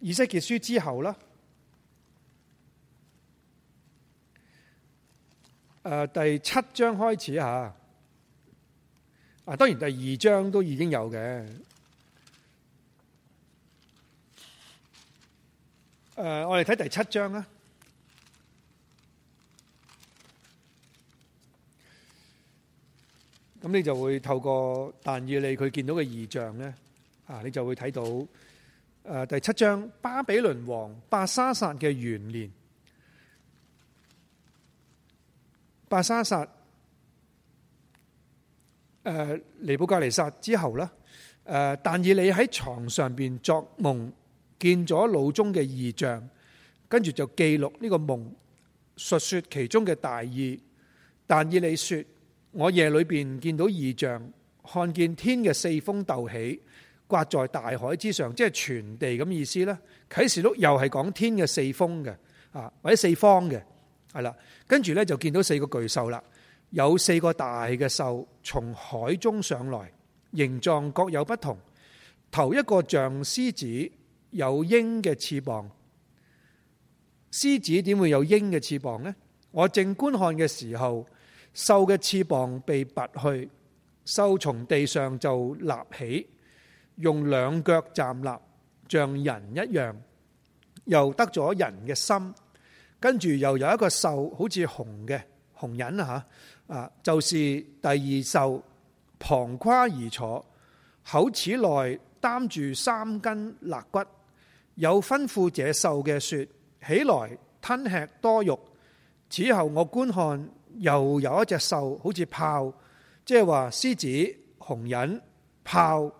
以西結書之後啦。啊、第七章開始嚇，啊，當然第二章都已經有嘅，啊。我哋睇第七章，咁你就會透過但以理佢見到嘅異象咧，啊你就會睇到，啊，第七章巴比倫王伯沙撒嘅元年。巴沙撒，誒，尼布加尼撒之後呢誒，但以理喺床上邊作夢，見咗腦中嘅異象，跟住就記錄呢個夢，述說其中嘅大意。但以理說：我夜裏邊見到異象，看見天嘅四風斗起，刮在大海之上，即係全地咁意思呢。啟示錄又係講天嘅四風嘅，啊，或者四方嘅。係啦，跟住咧就見到四個巨獸啦，有四個大嘅獸從海中上來，形狀各有不同。頭一個像獅子，有鷹嘅翅膀。獅子點會有鷹嘅翅膀呢？我正觀看嘅時候，獸嘅翅膀被拔去，獸從地上就立起，用兩腳站立，像人一樣，又得咗人嘅心。跟住又有一個獸，好似熊嘅熊人吓，啊，就是第二獸旁跨而坐，口齒內擔住三根肋骨，有吩咐這獸嘅說起來吞吃多肉。此後我觀看，又有一隻獸，好似豹，即係話獅子、熊人、豹。誒、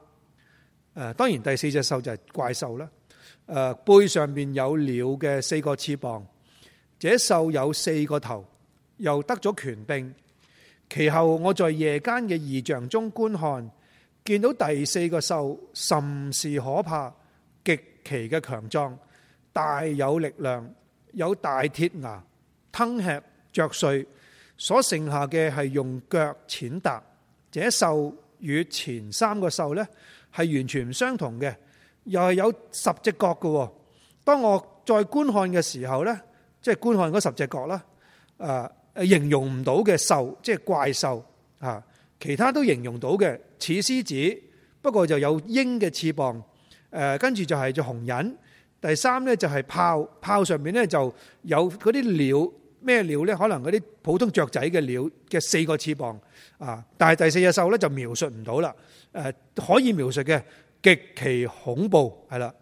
啊，當然第四隻獸就係怪獸啦。誒、啊，背上面有鳥嘅四個翅膀。這獸有四個頭，又得咗權柄。其後我在夜間嘅異象中觀看，見到第四個獸甚是可怕，極其嘅強壯，大有力量，有大鐵牙吞吃嚼碎。所剩下嘅係用腳踐踏。這獸與前三個獸呢，係完全唔相同嘅，又係有十隻角嘅。當我再觀看嘅時候呢。即係觀看嗰十隻角啦，啊，形容唔到嘅獸，即係怪獸啊，其他都形容到嘅似獅子，不過就有鷹嘅翅膀，誒、啊，跟住就係隻紅人。第三咧就係豹，豹上面咧就有嗰啲鳥咩鳥咧？可能嗰啲普通雀仔嘅鳥嘅四個翅膀啊，但係第四隻獸咧就描述唔到啦。誒、啊，可以描述嘅極其恐怖，係啦，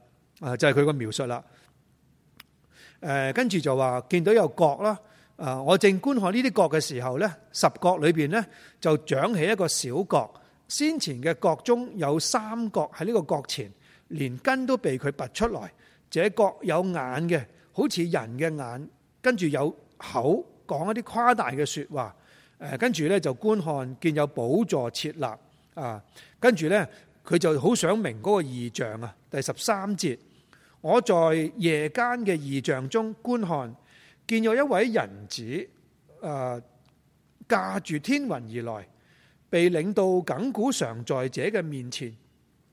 啊，就係佢個描述啦。誒，跟住就話見到有角啦！啊，我正觀看呢啲角嘅時候呢，十角裏邊呢就長起一個小角。先前嘅角中有三角喺呢個角前，連根都被佢拔出來。這角有眼嘅，好似人嘅眼，跟住有口講一啲誇大嘅説話。誒，跟住呢就觀看見有寶座設立啊！跟住呢，佢就好想明嗰個異象啊！第十三節。我在夜間嘅異象中觀看，見有一位人子，誒駕住天雲而來，被領到亘古常在者嘅面前，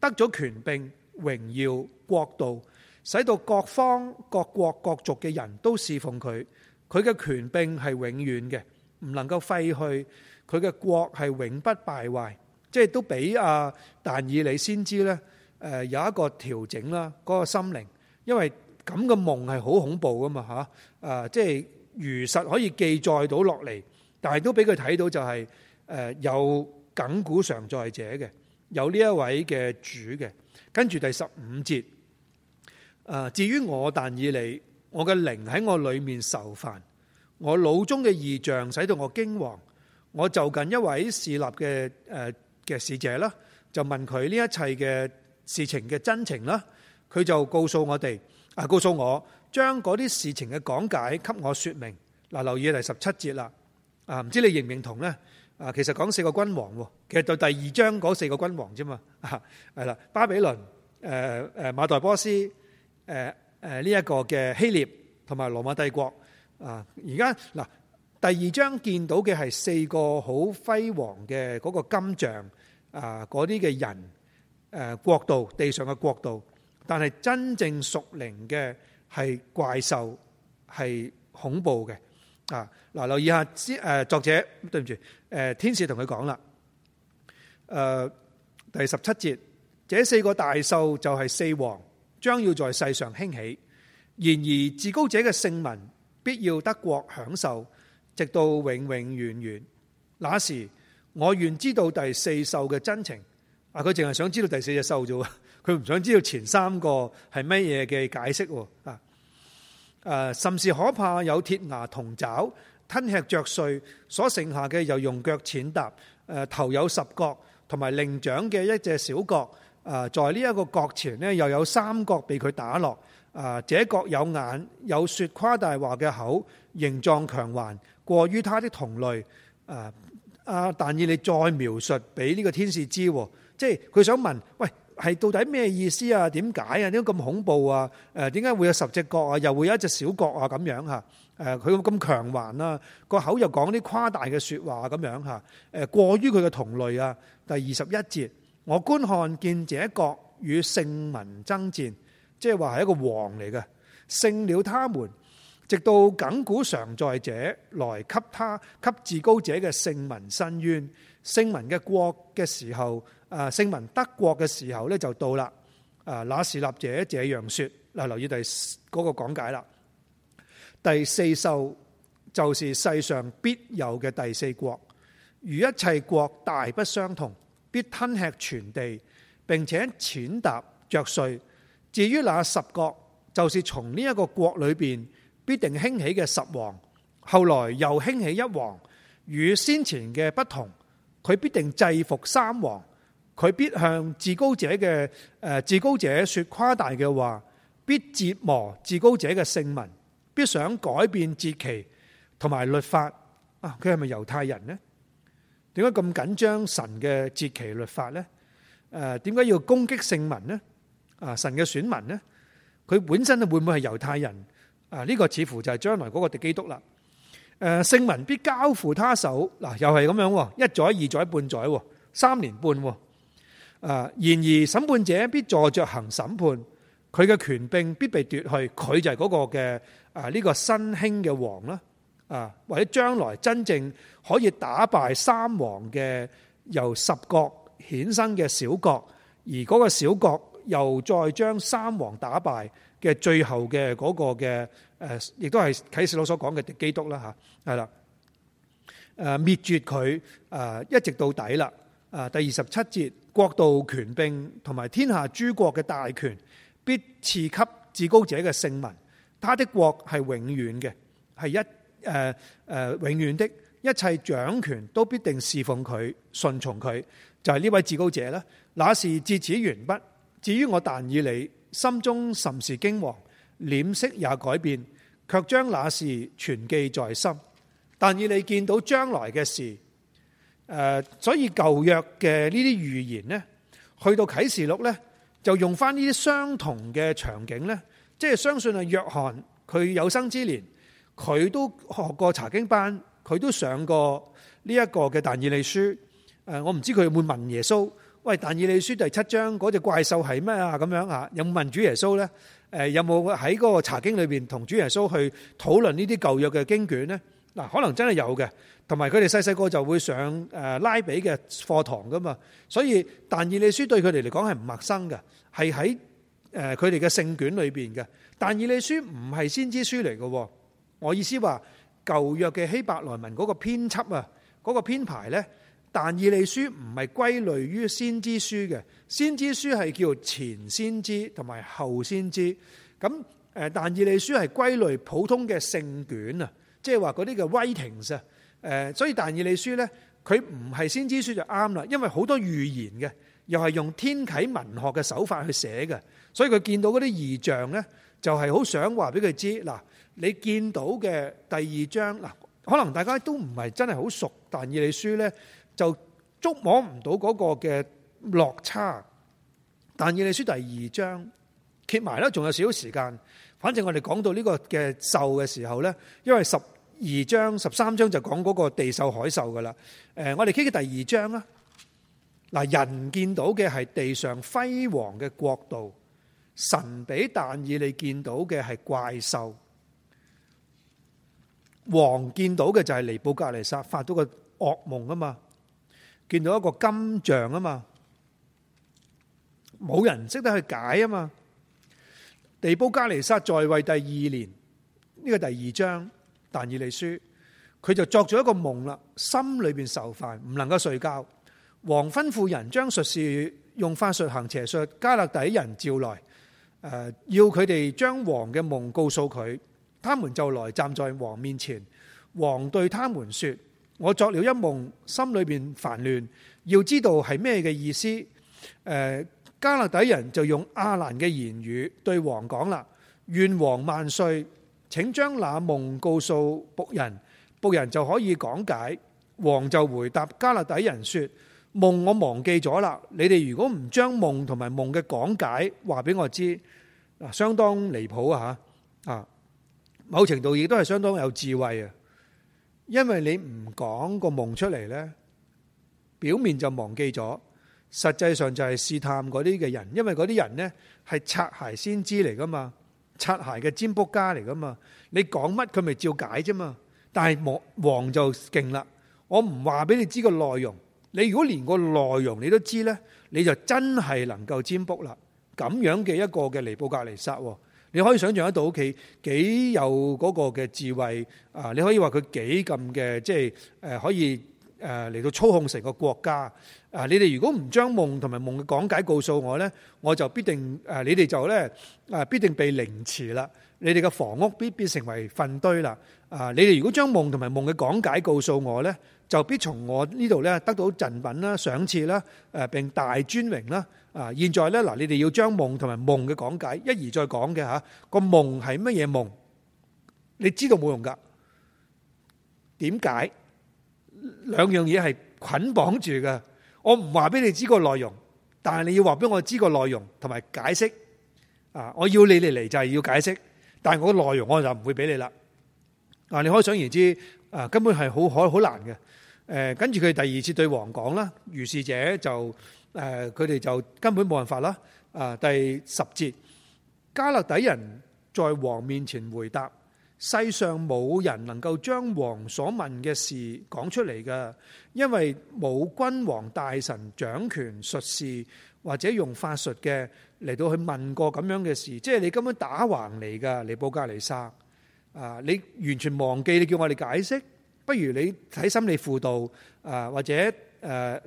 得咗權柄、榮耀、國度，使到各方各國各族嘅人都侍奉佢。佢嘅權柄係永遠嘅，唔能夠廢去。佢嘅國係永不敗壞。即係都俾阿但以理先知呢，誒有一個調整啦，嗰個心靈。因為咁嘅夢係好恐怖噶嘛吓，誒，即係如實可以記載到落嚟，但係都俾佢睇到就係誒有亘古常在者嘅，有呢一位嘅主嘅。跟住第十五節，誒，至於我但以理，我嘅靈喺我裏面受煩，我腦中嘅異象使到我驚惶，我就近一位侍立嘅誒嘅侍者啦，就問佢呢一切嘅事情嘅真情啦。佢就告訴我哋啊，告訴我將嗰啲事情嘅講解給我說明。嗱，留意第十七節啦。啊，唔知你認唔認同呢？啊，其實講四個君王，其實就第二章嗰四個君王啫嘛。係啦，巴比倫、誒誒馬代波斯、誒誒呢一個嘅希臘同埋羅馬帝國。啊，而家嗱，第二章見到嘅係四個好輝煌嘅嗰個金像啊，嗰啲嘅人誒國度地上嘅國度。但係真正屬靈嘅係怪獸，係恐怖嘅。啊，嗱，留意下誒作者對唔住，誒天使同佢講啦。誒、啊，第十七節，這四個大獸就係四王，將要在世上興起。然而，至高者嘅聖民必要得國享受，直到永永遠遠。那時，我願知道第四獸嘅真情。啊，佢淨係想知道第四隻獸啫喎。佢唔想知道前三個係乜嘢嘅解釋。喎啊，誒，甚至可怕，有鐵牙銅爪，吞吃着碎，所剩下嘅又用腳踐踏。誒，頭有十角，同埋另長嘅一隻小角。誒，在呢一個角前呢，又有三角被佢打落。誒，這角有眼，有説誇大話嘅口，形狀強橫，過於他的同類。誒，阿但以理再描述俾呢個天使知、啊，即係佢想問，喂？係到底咩意思啊？點解啊？點解咁恐怖啊？誒，點解會有十隻角啊？又會有一隻小角啊？咁樣吓？誒，佢咁強橫啊，個口又講啲誇大嘅說話咁樣吓？誒，過於佢嘅同類啊。第二十一節，我觀看見這角與聖民爭戰，即係話係一個王嚟嘅，勝了他們，直到亙古常在者來給他，給至高者嘅聖民伸冤，聖民嘅國嘅時候。啊！聖文德國嘅時候咧，就到啦。啊，那是立者這樣說嗱，留意第嗰、那個講解啦。第四獸就是世上必有嘅第四國，與一切國大不相同，必吞吃全地並且踐踏着碎。至於那十國，就是從呢一個國裏邊必定興起嘅十王，後來又興起一王，與先前嘅不同，佢必定制服三王。佢必向至高者嘅誒，至高者說誇大嘅話，必折磨至高者嘅聖民，必想改變節期同埋律法啊！佢係咪猶太人呢？點解咁緊張神嘅節期律法呢？誒、啊，點解要攻擊聖民呢？啊，神嘅選民呢？佢本身會唔會係猶太人啊？呢、這個似乎就係將來嗰個敵基督啦。誒、啊，聖民必交付他手，嗱、啊，又係咁樣、啊，一載二載半載、啊，三年半、啊。啊！然而，審判者必坐着行審判，佢嘅權柄必被奪去。佢就係嗰個嘅啊，呢、這個新興嘅王啦。啊，或者將來真正可以打敗三王嘅，由十國衍生嘅小國，而嗰個小國又再將三王打敗嘅最後嘅嗰、那個嘅誒，亦、啊、都係啟示錄所講嘅基督啦。嚇係啦，誒、啊、滅絕佢誒、啊、一直到底啦。啊，第二十七節。國度權柄同埋天下諸國嘅大權，必賜給至高者嘅聖民。他的國係永遠嘅，係一誒誒、呃呃、永遠的。一切掌權都必定侍奉佢、順從佢，就係、是、呢位至高者啦。那是至此完畢。至於我但以理心中甚是驚惶，臉色也改變，卻將那事存記在心。但以理見到將來嘅事。誒，所以舊約嘅呢啲預言呢，去到啟示錄呢，就用翻呢啲相同嘅場景呢，即係相信啊，約翰佢有生之年，佢都學過查經班，佢都上過呢一個嘅但以理書。誒，我唔知佢有冇問耶穌，喂，但以理書第七章嗰隻怪獸係咩啊？咁樣嚇，有冇問主耶穌呢？誒，有冇喺嗰個查經裏面同主耶穌去討論呢啲舊約嘅經卷呢？嗱，可能真係有嘅，同埋佢哋細細個就會上誒拉比嘅課堂噶嘛，所以但以理書對佢哋嚟講係唔陌生嘅，係喺誒佢哋嘅聖卷裏邊嘅。但以理書唔係先知書嚟嘅，我意思話舊約嘅希伯來文嗰個編輯啊，嗰、嗰個編排呢，但以理書唔係歸類於先知書嘅，先知書係叫前先知同埋後先知，咁誒但以理書係歸類普通嘅聖卷啊。即係話嗰啲嘅威霆啊，誒，所以但以理書呢，佢唔係先知書就啱啦，因為好多預言嘅，又係用天啟文學嘅手法去寫嘅，所以佢見到嗰啲異象呢，就係、是、好想話俾佢知嗱，你見到嘅第二章嗱，可能大家都唔係真係好熟，但以理書呢，就捉摸唔到嗰個嘅落差，但以理書第二章揭埋啦，仲有少少時間。反正我哋講到呢個嘅獸嘅時候咧，因為十二章、十三章就講嗰個地獸、海獸噶啦。誒，我哋傾嘅第二章啦。嗱，人見到嘅係地上輝煌嘅國度，神俾但以理見到嘅係怪獸。王見到嘅就係尼布甲尼撒發到個惡夢啊嘛，見到一個金像啊嘛，冇人識得去解啊嘛。地布甲尼撒在位第二年，呢、這個第二章但以理書，佢就作咗一個夢啦，心裏邊受煩，唔能夠睡覺。王吩咐人將術士用法術行邪術，迦勒底人召來，誒、呃，要佢哋將王嘅夢告訴佢。他們就來站在王面前，王對他們說：我作了一夢，心裏邊煩亂，要知道係咩嘅意思？誒、呃。迦勒底人就用亞蘭嘅言語對王講啦，願王萬歲，請將那夢告訴僕人，僕人就可以講解。王就回答迦勒底人說：夢我忘記咗啦，你哋如果唔將夢同埋夢嘅講解話俾我知，嗱，相當離譜啊！啊，某程度亦都係相當有智慧啊，因為你唔講個夢出嚟呢，表面就忘記咗。實際上就係試探嗰啲嘅人，因為嗰啲人呢係擦鞋先知嚟噶嘛，擦鞋嘅占卜家嚟噶嘛。你講乜佢咪照解啫嘛。但係王就勁啦。我唔話俾你知個內容。你如果連個內容你都知呢，你就真係能夠占卜啦。咁樣嘅一個嘅尼布甲尼撒，你可以想象得到屋企幾有嗰個嘅智慧啊！你可以話佢幾咁嘅，即係、呃、可以誒嚟到操控成個國家。啊！你哋如果唔將夢同埋夢嘅講解告訴我咧，我就必定誒，你哋就咧誒，必定被凌遲啦！你哋嘅房屋必必成為糞堆啦！啊！你哋如果將夢同埋夢嘅講解告訴我咧，就必從我呢度咧得到贈品啦、賞賜啦、誒並大尊榮啦！啊！現在咧嗱，你哋要將夢同埋夢嘅講解一而再講嘅吓，個夢係乜嘢夢？你知道冇用噶？點解？兩樣嘢係捆綁住嘅。我唔話俾你知個內容，但係你要話俾我知個內容同埋解釋啊！我要你嚟嚟就係要解釋，但係我個內容我就唔會俾你啦。啊，你可想而知啊，根本係好可好難嘅。誒，跟住佢第二次對王講啦，如是者就誒，佢哋就根本冇辦法啦。啊，第十節，迦勒底人在王面前回答，世上冇人能夠將王所問嘅事講出嚟嘅，因為冇君王、大臣掌權、術士或者用法術嘅嚟到去問過咁樣嘅事，即係你根本打橫嚟噶，尼布甲尼撒啊！你完全忘記你叫我哋解釋，不如你睇心理輔導啊，或者誒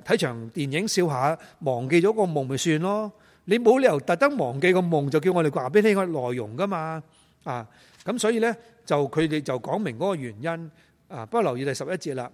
睇場電影笑下，忘記咗個夢咪算咯。你冇理由特登忘記個夢就叫我哋話俾你聽個內容噶嘛啊！咁所以呢。他們就佢哋就講明嗰個原因，啊！不過留意第十一節啦，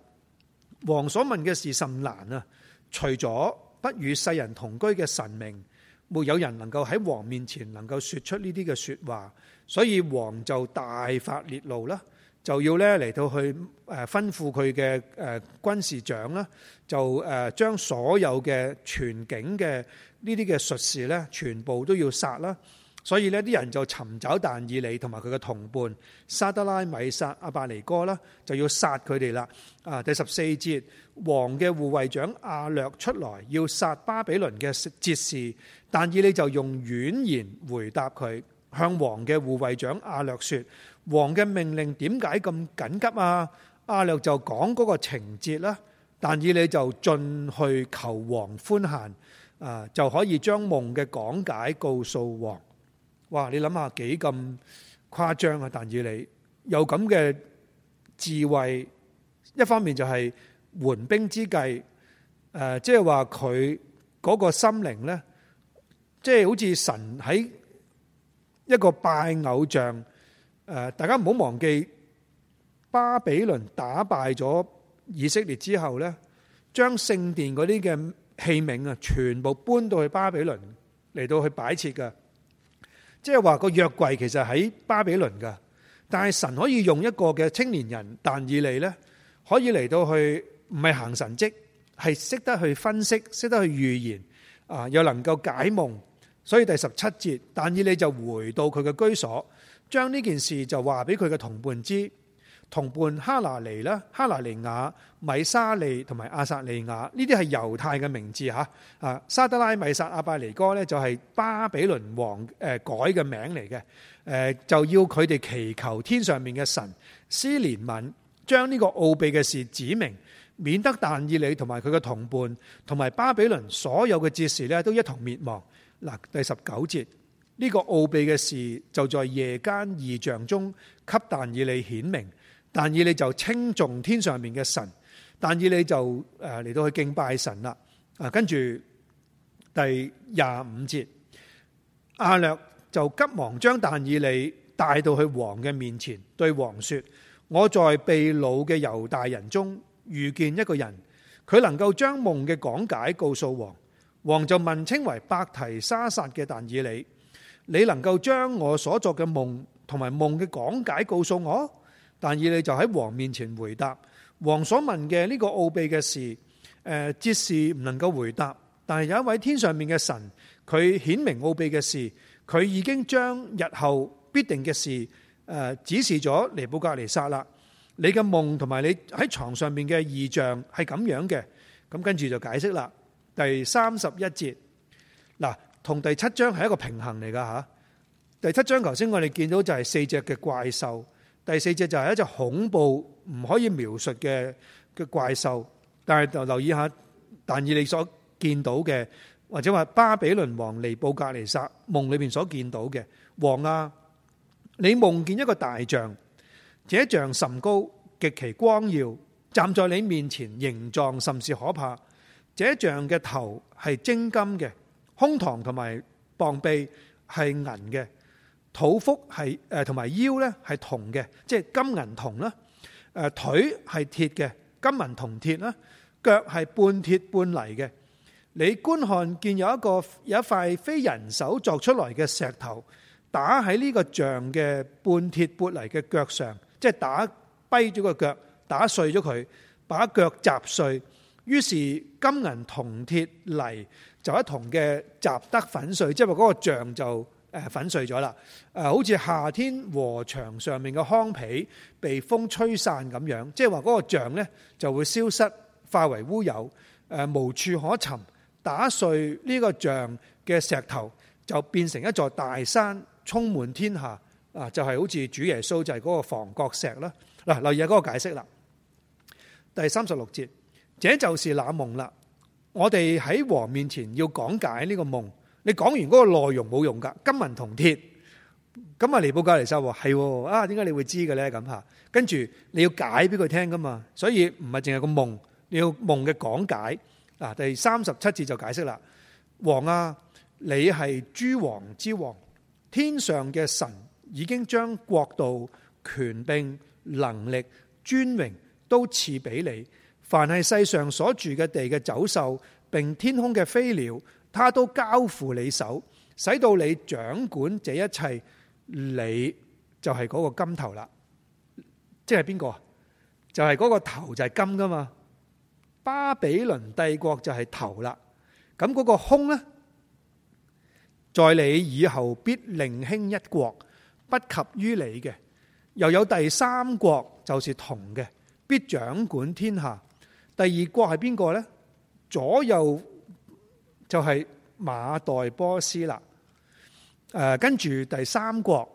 王所問嘅事甚難啊！除咗不與世人同居嘅神明，沒有人能夠喺王面前能夠説出呢啲嘅説話，所以王就大發烈怒啦，就要咧嚟到去誒吩咐佢嘅誒軍事長啦，就誒將所有嘅全境嘅呢啲嘅術士呢，全部都要殺啦。所以呢，啲人就尋找但以理同埋佢嘅同伴沙得拉、米煞、亞伯尼歌啦，就要殺佢哋啦。啊，第十四節，王嘅護衛長亞略出來要殺巴比倫嘅哲士，但以理就用婉言回答佢，向王嘅護衛長亞略説：王嘅命令點解咁緊急啊？亞略就講嗰個情節啦。但以理就進去求王寬限，啊，就可以將夢嘅講解告訴王。哇！你諗下幾咁誇張啊？但以理有咁嘅智慧，一方面就係援兵之計。誒、呃，即係話佢嗰個心靈咧，即係好似神喺一個拜偶像。誒、呃，大家唔好忘記，巴比倫打敗咗以色列之後咧，將聖殿嗰啲嘅器皿啊，全部搬到去巴比倫嚟到去擺設嘅。即係話個約櫃其實喺巴比倫噶，但係神可以用一個嘅青年人但以理呢，可以嚟到去唔係行神蹟，係識得去分析，識得去預言，啊又能夠解夢，所以第十七節但以理就回到佢嘅居所，將呢件事就話俾佢嘅同伴知。同伴哈拿尼啦、哈拿尼雅、米沙利同埋阿撒利亞，呢啲係猶太嘅名字嚇。啊，沙德拉米撒阿拜尼哥呢，就係巴比倫王誒、呃、改嘅名嚟嘅。誒、呃，就要佢哋祈求天上面嘅神施憐憫，將呢個奧秘嘅事指明，免得但以利同埋佢嘅同伴同埋巴比倫所有嘅哲士呢，都一同滅亡。嗱，第十九節呢、呢個奧秘嘅事就在夜間異象中給但以利顯明。但以理就稱頌天上面嘅神，但以理就誒嚟到去敬拜神啦。啊，跟住第廿五節，阿略就急忙將但以理帶到去王嘅面前，對王說：我在被擄嘅猶大人中遇見一個人，佢能夠將夢嘅講解告訴王。王就問稱為伯提沙撒嘅但以理：「你能夠將我所作嘅夢同埋夢嘅講解告訴我？但以理就喺王面前回答王所問嘅呢個奧秘嘅事，誒，即使唔能夠回答，但係有一位天上面嘅神，佢顯明奧秘嘅事，佢已經將日後必定嘅事，誒、呃，指示咗尼布甲尼撒喇。你嘅夢同埋你喺床上面嘅異象係咁樣嘅，咁跟住就解釋啦。第三十一節，嗱，同第七章係一個平衡嚟噶吓。第七章頭先我哋見到就係四隻嘅怪獸。第四隻就係一隻恐怖唔可以描述嘅嘅怪獸，但係留意下，但以你所見到嘅，或者話巴比倫王尼布甲尼撒夢裏面所見到嘅王啊，你夢見一個大象，這像甚高，極其光耀，站在你面前，形狀甚是可怕。這像嘅頭係精金嘅，胸膛同埋膀臂係銀嘅。肚腹係誒同埋腰咧係銅嘅，即係金銀銅啦。誒腿係鐵嘅，金銀銅鐵啦。腳係半鐵半泥嘅。你觀看，見有一個有一塊非人手作出來嘅石頭打喺呢個像嘅半鐵半泥嘅腳上，即係打跛咗個腳，打碎咗佢，把腳砸碎。於是金銀銅鐵泥就一同嘅砸得粉碎，即係話嗰個像就誒粉碎咗啦！誒好似夏天禾場上面嘅糠皮被風吹散咁樣，即係話嗰個像呢就會消失，化為烏有，誒無處可尋。打碎呢個像嘅石頭，就變成一座大山，充滿天下啊！就係、是、好似主耶穌就係嗰個房角石啦。嗱，留意下嗰個解釋啦。第三十六節，這就是那夢啦。我哋喺王面前要講解呢個夢。你講完嗰個內容冇用噶，金文銅鐵咁啊，尼布甲尼撒話係啊？點解你會知嘅呢？咁吓，跟住你要解俾佢聽噶嘛？所以唔係淨係個夢，你要夢嘅講解嗱。第三十七節就解釋啦，王啊，你係諸王之王，天上嘅神已經將國度、權柄、能力、尊榮都賜俾你，凡係世上所住嘅地嘅走獸，並天空嘅飛鳥。他都交付你手，使到你掌管這一切，你就係嗰個金頭啦。即係邊個啊？就係、是、嗰個頭就係金噶嘛。巴比倫帝國就係頭啦。咁嗰個空咧，在你以後必另興一國，不及於你嘅。又有第三國就是銅嘅，必掌管天下。第二國係邊個咧？左右。就係、是、馬代波斯啦，誒、呃，跟住第三國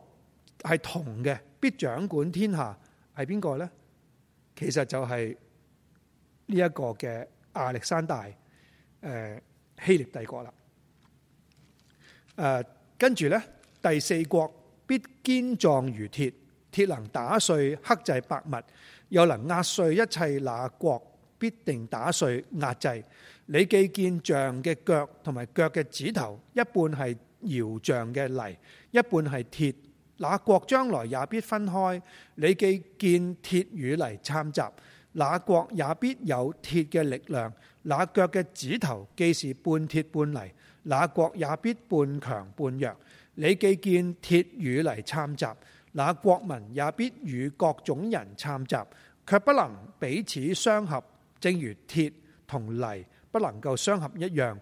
係銅嘅，必掌管天下，係邊個呢？其實就係呢一個嘅亞歷山大，誒、呃，希臘帝國啦。誒、呃，跟住呢，第四國必堅壯如鐵，鐵能打碎克制百物，又能壓碎一切那國，必定打碎壓制。你既見象嘅腳同埋腳嘅指頭，一半係窯匠嘅泥，一半係鐵，那國將來也必分開。你既見鐵與泥參雜，那國也必有鐵嘅力量。那腳嘅指頭既是半鐵半泥，那國也必半強半弱。你既見鐵與泥參雜，那國民也必與各種人參雜，卻不能彼此相合，正如鐵同泥，不能夠相合一樣。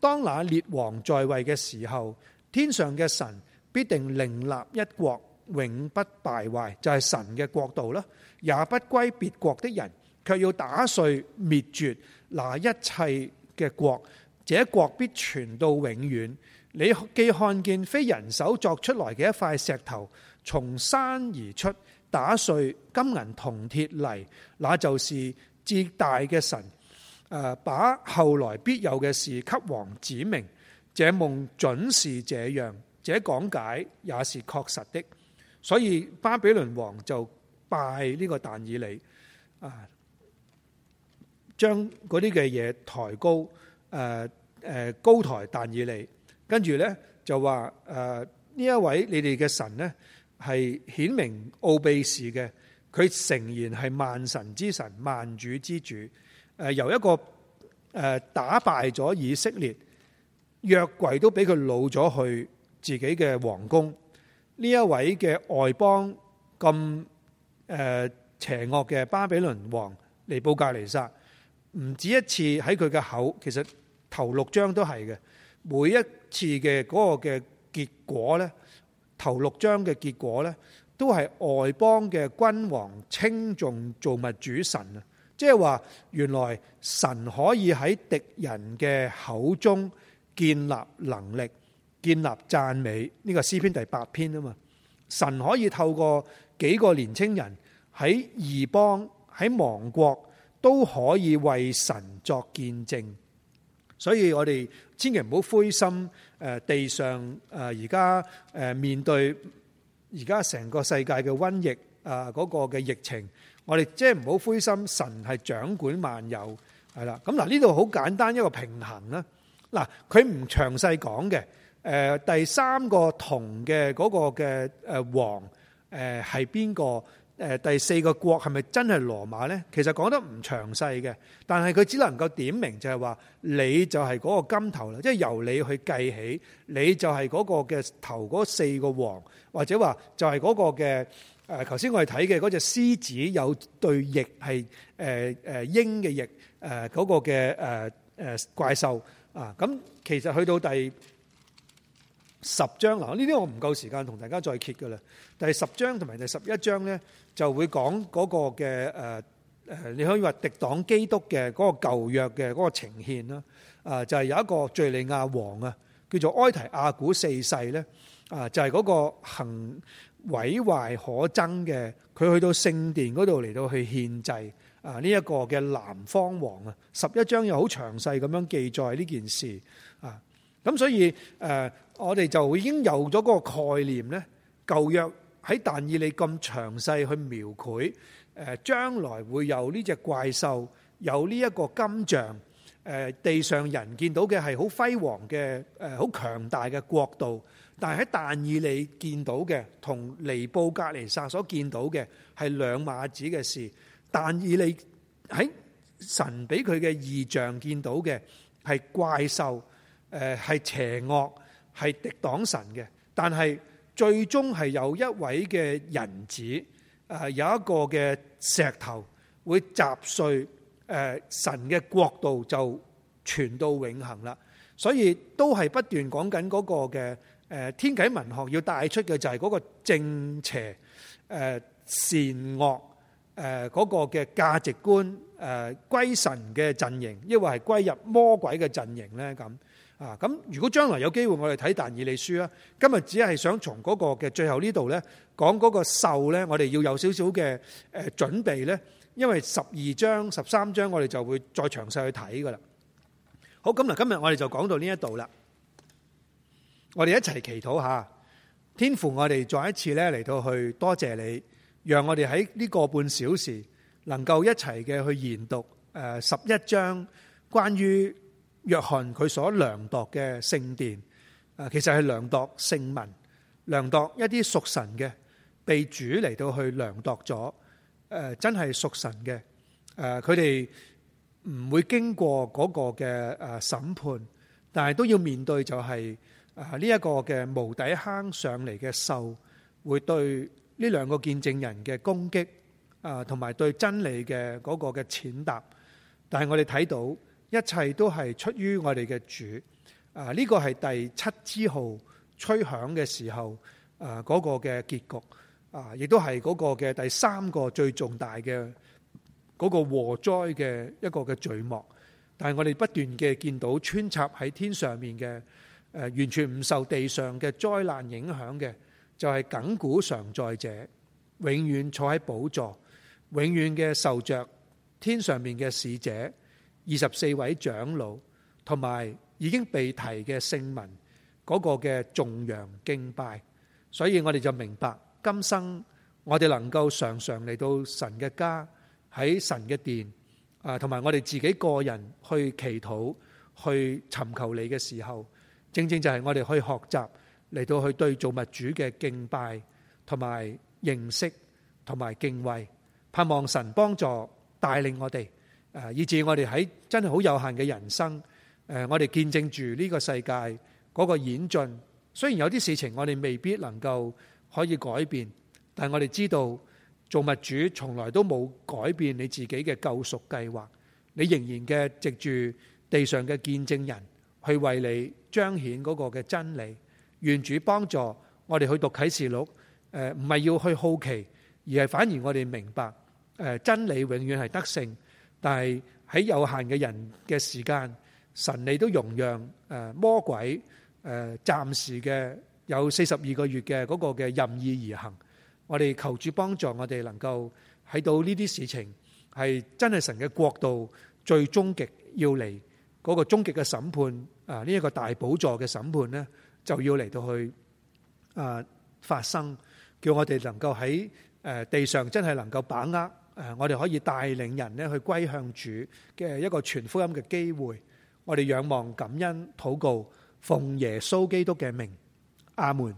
當那列王在位嘅時候，天上嘅神必定另立一國，永不敗壞，就係、是、神嘅國度啦。也不歸別國的人，卻要打碎滅絕那一切嘅國。這國必存到永遠。你既看見非人手作出來嘅一塊石頭從山而出，打碎金銀銅鐵泥，那就是至大嘅神。誒，把後來必有嘅事給王指明，這夢準是這樣，這講解也是確實的。所以巴比倫王就拜呢個但以理，啊，將嗰啲嘅嘢抬高，誒、呃、誒、呃、高抬但以理。跟住呢，就話，誒、呃、呢一位你哋嘅神呢，係顯明奧秘士嘅，佢誠然係萬神之神，萬主之主。誒，由一個誒打敗咗以色列，約櫃都俾佢攞咗去自己嘅皇宮。呢一位嘅外邦咁誒邪惡嘅巴比倫王尼布甲尼撒，唔止一次喺佢嘅口，其實頭六章都係嘅。每一次嘅嗰個嘅結果呢，頭六章嘅結果呢，都係外邦嘅君王稱重造物主神啊！即係話，原來神可以喺敵人嘅口中建立能力，建立讚美。呢個詩篇第八篇啊嘛，神可以透過幾個年青人喺異邦、喺亡國，都可以為神作見證。所以我哋千祈唔好灰心。地上誒而家面對而家成個世界嘅瘟疫啊，嗰個嘅疫情。我哋即係唔好灰心，神係掌管萬有，係啦。咁嗱，呢度好簡單一個平衡啦。嗱，佢唔詳細講嘅。誒，第三個銅嘅嗰個嘅誒王誒係邊個？誒、呃，第四個國係咪真係羅馬呢？其實講得唔詳細嘅，但係佢只能夠點明就係話，你就係嗰個金頭啦，即、就、係、是、由你去計起，你就係嗰個嘅頭嗰四個王，或者話就係嗰個嘅。誒，頭先我哋睇嘅嗰隻獅子有對翼係誒誒鷹嘅翼，誒嗰個嘅誒誒怪獸啊，咁其實去到第十章啦，呢啲我唔夠時間同大家再揭㗎啦。第十章同埋第十一章咧，就會講嗰個嘅誒誒，你可以話敵擋基督嘅嗰個舊約嘅嗰個呈獻啦。啊，就係有一個敍利亞王啊，叫做埃提亞古四世咧，啊，就係嗰個行。毀壞可憎嘅，佢去到聖殿嗰度嚟到去獻祭啊。呢一個嘅南方王啊，十一章又好詳細咁樣記載呢件事啊。咁所以誒，我哋就已經有咗嗰個概念咧。舊約喺但以理咁詳細去描繪誒，將來會有呢隻怪獸，有呢一個金像誒，地上人見到嘅係好輝煌嘅誒，好強大嘅國度。但係喺但以利見到嘅，同尼布格尼撒所見到嘅係兩碼子嘅事。但以利喺神俾佢嘅異象見到嘅係怪獸，誒係邪惡，係敵擋神嘅。但係最終係有一位嘅人子，誒有一個嘅石頭會砸碎誒神嘅國度，就存到永恆啦。所以都係不斷講緊嗰個嘅。誒天啟文學要帶出嘅就係嗰個正邪、誒善惡、誒嗰個嘅價值觀、誒歸神嘅陣營，抑或係歸入魔鬼嘅陣營咧？咁啊，咁如果將來有機會我哋睇但以理書啊，今日只係想從嗰個嘅最後呢度咧講嗰個獸咧，我哋要有少少嘅誒準備咧，因為十二章、十三章我哋就會再詳細去睇噶啦。好，咁嗱，今日我哋就講到呢一度啦。我哋一齊祈禱下，天父，我哋再一次咧嚟到去多謝你，讓我哋喺呢個半小時能夠一齊嘅去研讀誒十一章關於約翰佢所量度嘅聖殿，誒其實係量度聖文，量度一啲屬神嘅，被主嚟到去量度咗，誒真係屬神嘅，誒佢哋唔會經過嗰個嘅誒審判，但係都要面對就係、是。啊！呢一個嘅無底坑上嚟嘅獸，會對呢兩個見證人嘅攻擊啊，同埋對真理嘅嗰個嘅踐踏。但係我哋睇到，一切都係出於我哋嘅主。啊！呢個係第七支號吹響嘅時候啊，嗰個嘅結局啊，亦都係嗰個嘅第三個最重大嘅嗰個禍災嘅一個嘅序幕。但係我哋不斷嘅見到穿插喺天上面嘅。誒，完全唔受地上嘅災難影響嘅，就係亙古常在者，永遠坐喺寶座，永遠嘅受着天上面嘅使者、二十四位長老同埋已經被提嘅聖民嗰個嘅眾羊敬拜。所以我哋就明白，今生我哋能夠常常嚟到神嘅家，喺神嘅殿啊，同埋我哋自己個人去祈禱去尋求你嘅時候，正正就係我哋去學習嚟到去對造物主嘅敬拜，同埋認識，同埋敬畏，盼望神幫助帶領我哋，誒，以至我哋喺真係好有限嘅人生，誒，我哋見證住呢個世界嗰個演進。雖然有啲事情我哋未必能夠可以改變，但係我哋知道造物主從來都冇改變你自己嘅救贖計劃，你仍然嘅藉住地上嘅見證人。去為你彰顯嗰個嘅真理，願主幫助我哋去讀啟示錄。誒、呃，唔係要去好奇，而係反而我哋明白，誒、呃，真理永遠係得勝。但係喺有限嘅人嘅時間，神你都容讓誒、呃、魔鬼誒、呃、暫時嘅有四十二個月嘅嗰個嘅任意而行。我哋求主幫助我哋能夠喺到呢啲事情係真係神嘅國度最終極要嚟。嗰個終極嘅審判啊，呢、這、一個大寶座嘅審判呢，就要嚟到去啊發生，叫我哋能夠喺誒地上真係能夠把握誒，我哋可以帶領人呢去歸向主嘅一個傳福音嘅機會，我哋仰望感恩禱告，奉耶穌基督嘅名，阿門。